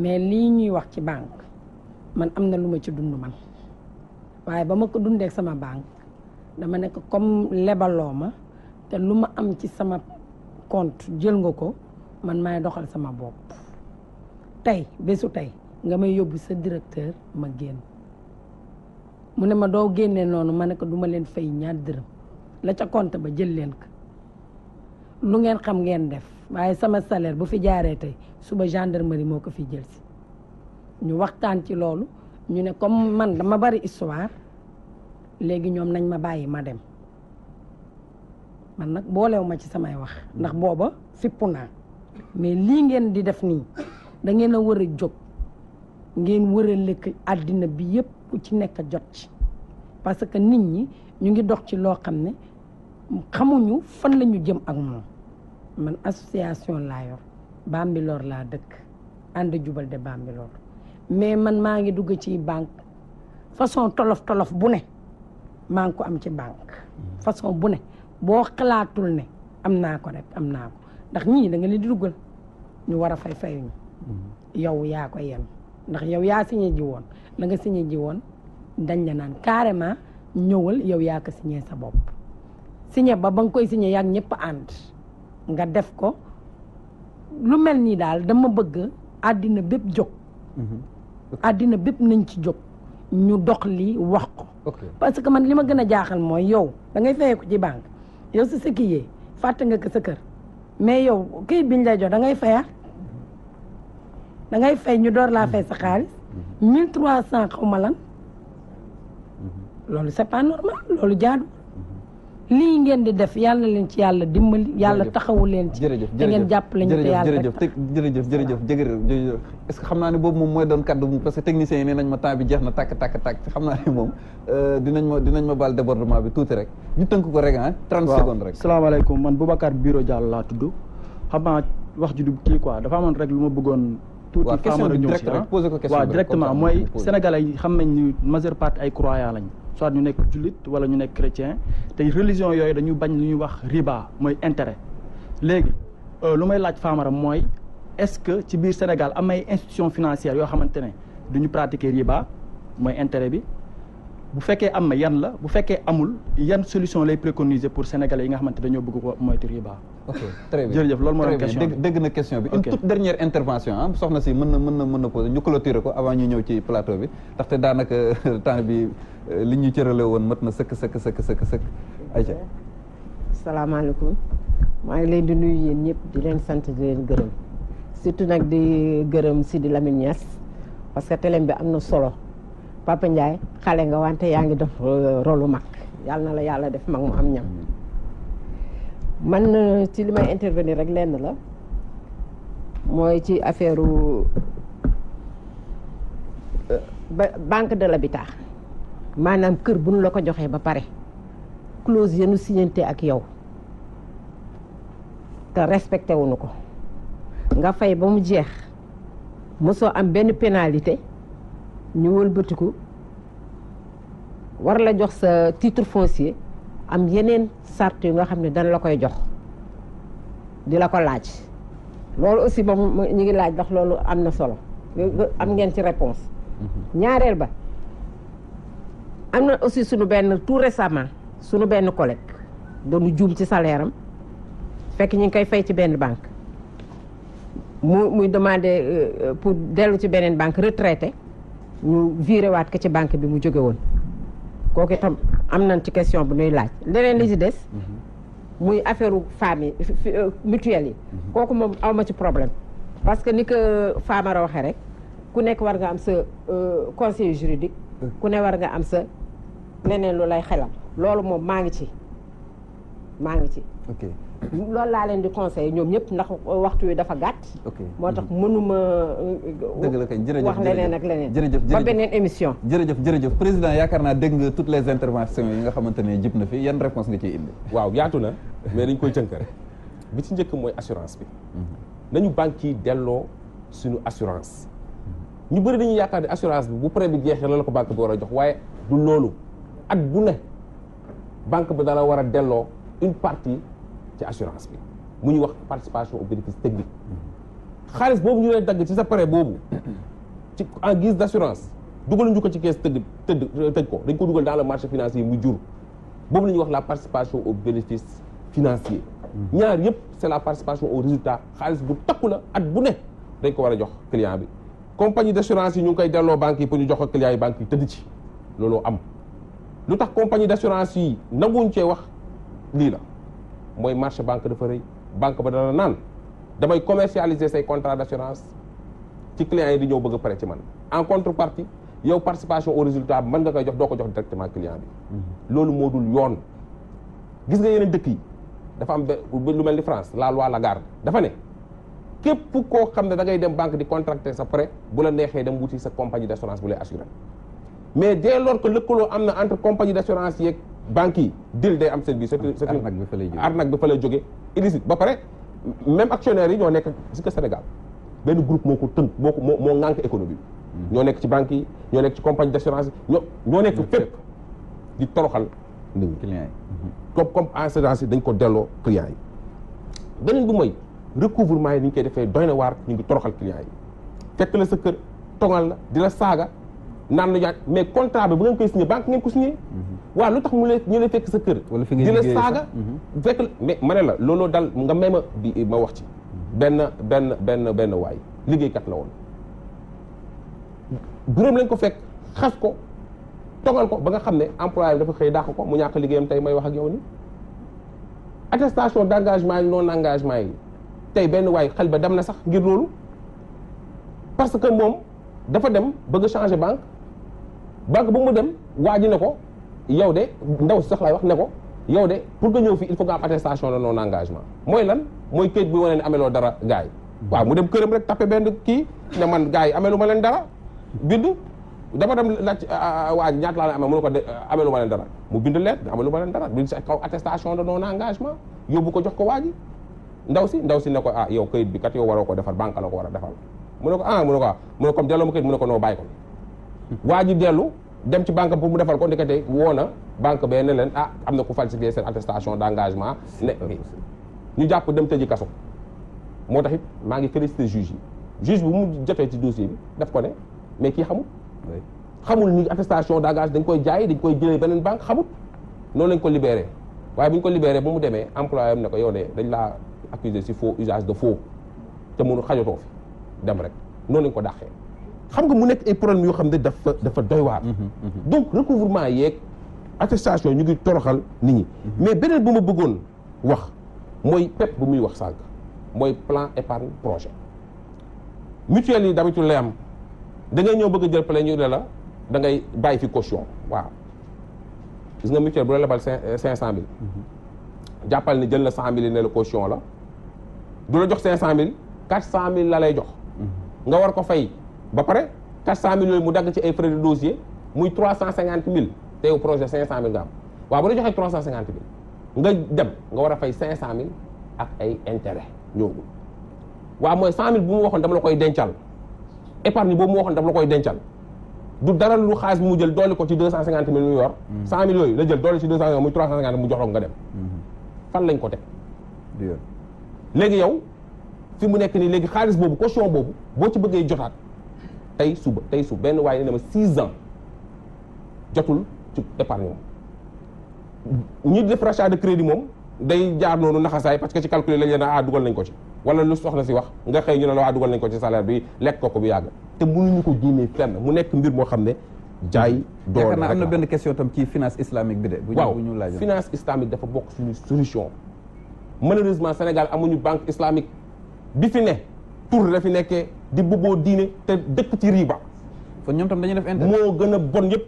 mais lii ñuy wax ci banque man am na lu ma ci dund man waaye ba ma ko dundee sama banque dama nekk comme lebaloo ma te lu ma am ci sama compte jël nga ko man maay doxal sama bopp tey bésu tey. nga may yóbbu sa directeur ma génn mu ne ma doo génnee noonu ma ne ko duma leen fay ñaar dërëm la ca compte ba jël leen ko lu ngeen xam ngeen def waaye sama salaire bu fi jaaree tey suba gendarmerie moo ko fi jël si ñu waxtaan ci loolu ñu ne comme man dama bari histoire léegi ñoom nañ ma bàyyi ma dem man nag boolew ma ci samay wax ndax booba fippu naa mais lii ngeen di def nii da ngeen a war a jóg ngeen wërale lëkk àddina bi yépp ci nekk jot ci parce que nit ñi ñu ngi dox ci loo xam ne xamuñu fan la ñu jëm ak moom man association laa yor Bambilor laa dëkk ànd jubal de Bambilor mais man maa ngi dugg ci banque façon tolof tolof bu ne maa ngi ko am ci bank mm. façon bu ne boo xalaatul ne am naa ko rek am naa ko ndax ñii danga nga leen di duggal ñu war a fay fayuñu mm. yow yaa ko yem ndax yow yaa signé ji woon la nga signé ji woon dañ la naan carrément ñëwal yow yaa ko signé sa bopp signé ba ba nga koy signé yaa ñëpp ànd nga def ko lu mel nii daal dama bëgg addina bépp jóg mhm. àddina bépp nañ ci jóg ñu dox li wax ko parce que man li ma gën a jaaxal mooy yow da ngay ko ci banque yow sa sëkki yee fàtte nga ko sa kër mais yow kii biñ lay jox da ngay fayaat da ngay fay ñu door laa fay sa xaalis mm-hmm. mille trois cent xaw ma lan mm-hmm. loolu c'est pas normal loolu jaadu mm-hmm. lii ngeen di def yàlla na leen ci yàlla dimbali yàlla taxawu leen ci jërëjëf da ngeen jàppale ñu te yàlla jërëjëf jërëjëf jërëjëf jërëjëf est-ce que xam naa ne boobu moom mooy doon kaddu parce que techniciens yi nee nañ ma temps bi jeex na tàkk tàkk tàkk xam naa ne moom euh, dinañ ma dinañ ma baal débordement bi tuuti rek ñu tënk ko rek ah trente secondes rek salaamaaleykum man Boubacar Biro Diallo laa tudd xam naa wax ji du kii quoi dafa amoon rek lu ma bëggoon tuuti. waaw question bi direct ah. rek posé ko directement mooy sénégalais xam nañ ni majeure partie ay croyants lañ. soit ñu nekk jullit wala ñu nekk chrétien te religion yooyu dañu bañ lu ñu wax riba mooy intérêt. léegi euh, lu may laaj Famara mooy est-ce que ci biir Sénégal am ay institutions financière yoo xamante ne du ñu pratiquer riba mooy intérêt bi. bu fekkee am na yan la bu fekkee amul yan solution lay préconiser pour sénégalais yi nga xamante dañoo bëgg ko moytu riba. ok très bien loolu moo doon question dégg na question bi une toute dernière intervention ah soxna si mën na mën na mën na poser ñu clôturer ko avant ñu ñëw ci plateau bi ndaxte daanaka euh, temps bi euh, li ñu cërale woon mat na sëkk sëkk sëkk sëkk sëkk ayca salaamaaleykum maa ngi leen di nuyu yéen ñëpp di leen sant di leen gërëm surtout nag di gërëm Sidi Lamine Niass parce que télém bi am na solo Papa xale nga wante yaa ngi def euh, rolu mag yàlla na la yàlla def mag mu am ñam man euh, ci li may intervenir rek lenn la mooy ci affaire euh, banque de l'habitat maanaam kër bu nu la ko joxee ba pare clause yenu signante ak yow te respecté wuñu ko nga fay ba mu jeex mosoo am benn pénalité ñu wëlbatiku war la jox sa titre foncier am yeneen sart yu nga xam ne dana la koy jox di la ko laaj loolu aussi moom mu ñu ngi laaj ndax loolu am na solo am ngeen ci réponse mhm. ñaareel ba am na aussi suñu benn tout récemment suñu benn collègue dañu juum ci salaire am fekk ñu ngi koy fay ci benn banque mu muy demandé euh, pour dellu ci beneen banque retraité ñu viré waat ko ci banque bi mu jóge woon kooku itam am nañ ci question bu ñuy laaj leneen li ci des mhm. muy affaire u femmes yi euh, mutuelle yi mhm. kooku moom awma ci problème parce que ni ko Famara waxee rek ku nekk war nga am sa euh, conseiller juridique ku ne war nga am sa leneen lu lay xelal loolu moom maa ngi ci maa ngi ci lool laa leen di conseillé ñoom ñëpp ndax waxtu wi dafa gàtt. moo tax mm-hmm. mënuma euh, dëgg la kay jërëjëf wax leneen ak leneen. jërëjëf ba émission. jërëjëf jërëjëf président yaakaar naa dégg nga toutes les interventions yi nga xamante ne jib na fi yan réponse nga ciy indi. waaw yaatu na mais dañ koy tënk rek bi ci njëkk mooy assurance bi. Mm-hmm. nañu banque yi delloo suñu assurance. Mm-hmm. ñu bëri dañuy yaakaar ne assurance bi bu prêt bi jeexee la la ko banque bi war a jox waaye du loolu ak bu ne banque bi dala war a delloo une ci assurance bi mu ñu wax participation au bénéfice technique xaalis boobu ñu lay dagg ci sa prêt boobu ci en gis d' assurance dugal ñu ko ci kees tëgg tëdd tëj ko dañ ko dugal daal le marché financier mu jur boobu la ñuy wax la participation au bénéfice financier ñaar yëpp c' est la participation au résultat xaalis bu takku la at bu ne dañ ko war a jox client bi compagnie d' assurance yi ñu ngi koy banque banques yi pour ñu jox ko client yi banques yi ci looloo am lu tax compagnie d' assurance yi nanguñ cee wax lii la mooy marché banque dafa rëy banque ba dana naan damay commercialiser say contrat d'assurance ci clients yi di ñëw bëgg pare ci man en contrepartie yow participation au résultat bi nga koy jox doo ko jox directement client bi mhm. loolu moo dul yoon gis nga yeneen dëkk yi dafa am lu mel ni France la loi Lagarde dafa ne képp koo xam ne da ngay dem banque di contracté sa prêt bu la neexee dem wuti sa compagnie d'assurance bu lay assurer mais dès lors que lëkkaloo am na entre compagnie d'assurance yeeg banque yi deal day am seen biir. c'est arnaque bi fa lay jógee arnaque fa lay jógee illicite ba pare même actionnaires yi ñoo nekk si que Sénégal benn groupe moo ko tënk moo ko moo moo ŋànk économie hmm. ñoo nekk ci banques yi ñoo nekk ci compagnie d' assurance yi ñoo nekk fépp di toroxal nit ñi clients yi. Hmm. comme dañ ko delloo clients yi. beneen bi mooy recouvrement yi ni ñu koy defee doy na waar ñu ngi toroxal clients yi fekk la sa kër togal la di la saaga naan la yaat mais contrat bi bu ngeen koy signé banque ngeen waaw lu tax mu lay ñu lay fekk sa kër. wala fi di la saaga. Mhm. fekk mais ma ne la looloo dal nga may ma bi ma wax ci. benn benn benn benn waay liggéey kat la woon. bureau lañ ko fekk xas ko togal ko ba nga xam ne employé bi dafa xëy dàq ko mu ñàkk liggéeyam tey may wax ak yow ni attestation d' engagement yi non engagement yi tey benn waay xel ba dem na sax ngir loolu parce que moom dafa dem bëgg changer banque banque bu mu dem waaj na ko. yow de ndaw si sax laay wax ne ko yow de pour nga ñëw fii il faut nga am attestation de non engagement mooy lan mooy këyit bu wane ne ameloo dara gars yi waaw mu dem këram rek tapé benn kii ne man gars yi amelu ma leen dara bindu dama dem laaj waa ñaata laa leen amee mënu ko de amelu ma leen dara mu bind leet amelu ma leen dara bind si kaw attestation de non engagement yóbbu ko jox ko waa ndaw si ndaw si ne ko ah yow këyit bi kat yow waroo ko defal banque la ko war a defal mu ne ko ah mu ne ko ah mu ne ko comme delloo ma këyit mu ne ko noo bàyyi ko waa ji dellu dem ci banque pour mu defal ko ndekete woo na banque bee ne leen ah am na ku falsifier seen attestation d' engagement ne ñu jàpp dem tëji kaso moo tax it maa ngi félicité juge yi juge bu mu jotee ci dossier bi daf ko ne mais kii xamul xamul ñu attestation d' engagement dañ koy jaay dañ koy jëlee beneen banque xamul noonu lañ ko libéré waaye bu ñu ko libéré ba mu demee employé am ne ko yow dañ laa accusé si faux usage de faux te mënu xajatoo fi dem rek noonu lañ ko dàqee xam nga mu nekk ay problème yoo xam ne dafa dafa doy waar. Mhm, mhm. donc recouvrement yeeg attestation ñu ngi toroxal nit ñi. Mhm. mais beneen bu ma bëggoon wax mooy PEP bu muy wax sànq mooy plan épargne projet. mutuelle yi d'habitude lay am da ngay ñëw bëgg a jël plan ñu ne la da ngay bàyyi fi caution waaw gis nga mutuelle bu la lebal cinq euh, cinq cent mille. jàppal ni jël na cent mille yi ne la caution la du la jox cinq cent mille quatre cent mille la lay jox. nga war ko fay. ba pare 400 mille yooyu mu dagg ci ay frais de dossier muy 350 mille te yow projet 500 mille nga am waaw bu la joxee 350 mille nga dem nga war a fay cent mille ak ay intérêt ñëwagul waa mooy 100 mille bu mu waxoon dama la koy dencal épargne boobu mu waxoon dama la koy dencal du dara lu xaalis bi mu jël doole ko ci 250 mille mu yor. 100 mm-hmm. mille yooyu la jël doole ci 250 muy 350 mu jox la nga dem. Mm-hmm. fan lañ ko teg. léegi yow fi mu nekk nii léegi xaalis boobu caution boobu boo ci bëggee jotaat. tey suba tey suba benn waaye ne ma six ans jotul ci épargne moom ñi def rachat crédit moom day jaar noonu naxasaay parce que ci calculer lañ leen a ah dugal nañ ko ci wala lu soxna si wax nga xëy ñu ne la waa ah, dugal nañ ko ci salaire bi lekk ko ko bu yàgg te mënuñu ko génnee fenn mu nekk mbir moo xam ne jaay doole na am na benn question tam ci finance islamique bi de bu ñu laaj finance islamique dafa bokk suñu solution malheureusement Sénégal amuñu banque islamique bi fi ne tur la fi nekkee di bubboo diine te dëkk ci riba. ñoom tam dañuy def intérêt moo gën a bon yëpp.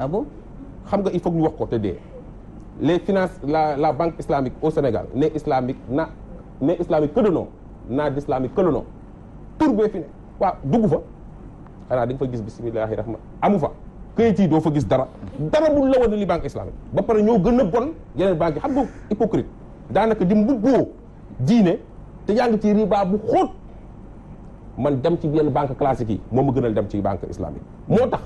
ah xam nga il faut ñu wax ko te dee. les finances la la banque islamique au Sénégal ne islamique na n'est islamique que de nom naa d'islamique que de nom tur bee fi ne waaw dugg fa xanaa da fa gis bisimilahi rahma amu fa. këyit yi doo fa gis dara dara bu la woon li banque islamique ba pare ñoo gën a bon yeneen banque xam nga hypocrite daanaka di mbubboo diine te yaa ngi ci riba bu xóot. man dem ci yenn banque classique yi moom ma gënal dem ci banque islamique moo tax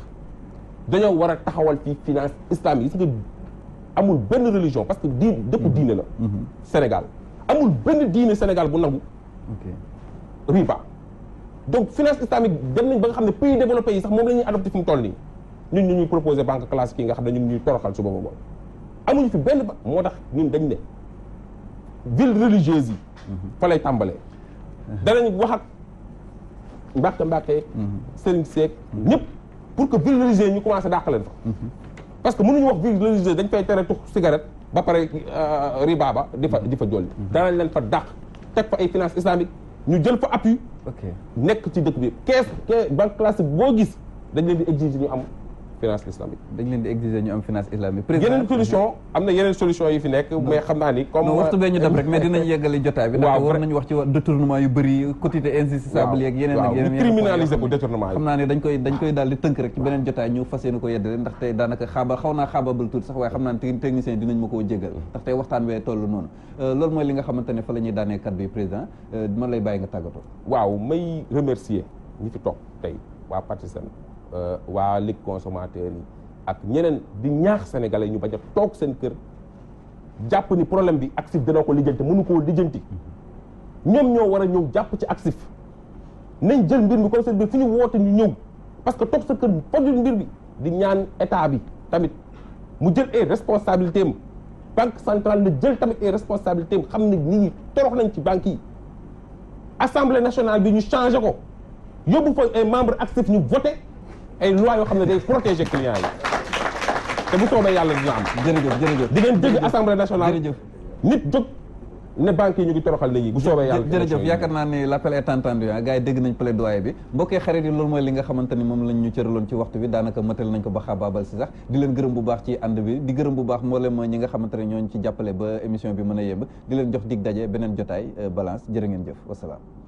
dañoo war a taxawal fii finance islamique gis nga amul benn religion parce que diin dëkku mhm. diine la mhm. Sénégal amul benn diine Sénégal bu nangu riba donc finance islamique dem nañ ba nga xam ne pays développé yi sax moom la ñuy adopté fi mu toll nii ñun ñu ñuy proposé banque classique yi nga xam ne ñun ñuy toroxal su boobu amuñu fi benn moo tax ñu dañ ne ville religieuse yi mhm. fa lay tàmbalee Mbàkke Mbàkke mhm. Serigne Seck mhm. ñëpp pour que ville religieuse ñu commencé dàq leen fa mhm. parce que mënuñu wax ville religieuse dañ fay tere tux cigarette ba pare euh, riba ba di fa di fa jolli danañ leen fa dàq teg fa ay finance islamique ñu jël fa appui nekk ci de bi kees banque classique boo gis dañ leen di exiger ñu am finance islamique. dañ leen yeneen solution am na yeneen solution yi fi nekk. mais xam naa ni comme waxtu bee ñu dem rek mais euh, dinañ yeggali jotaay bi. waaw war nañu wax ci détournement yu bëri quotité insaisissable yeeg ko détournement yi. xam naa ne dañ koy dañ koy daal di tënk rek ci beneen jotaay ñu fas yéene ko yeddale ndax tey daanaka xaaba xaw naa xaababal tuuti sax waaye xam naa ne technicien dinañ ma koo jégal ndax tey waxtaan wee toll noonu euh, loolu mooy li nga xamante fa la Euh, waa ligue consommateur yi ak ñeneen di ñaax sénégalais ñu bañ a toog seen kër jàpp ni problème bi actif dana ko lijjanti mënu koo lijjanti ñoom ñoo war a ñëw jàpp ci actif nañ jël mbir mi comme seen bi fu ñu woote ñu ñëw parce que toog sa kër fajul mbir bi di ñaan état bi tamit mu jël ay responsabilité am banque centrale na jël tamit ay responsabilité xam ne nit ñi nañ ci banque yi assemblée nationale bi ñu changé ko yóbbu fa ay membre actif ñu voté ay loi yoo xam ne day protéger clients yi te bu soobee yàlla jërëjëf jërëjëf di leen dégg assemblée nationale jërëjëf nit jóg ne banque yi ñu ngi toroxal nit ñi bu soobee yàlla jërëjëf yaakaar naa ni l'appel est entendu ah gars yi dégg nañ plaidoyer bi mbokkee xarit yi loolu mooy li nga xamante ni moom lañ ñu cëraloon ci waxtu bi daanaka matal nañ ko ba xaabaabal si sax leen gërëm bu baax ci ànd bi di gërëm bu baax moo mboolem ñi nga xamante ne ñooñ ci jàppale ba émission bi mën a yemb di leen jox dig daje beneen jotaay euh, balance jërë ngeen jëf wasalaam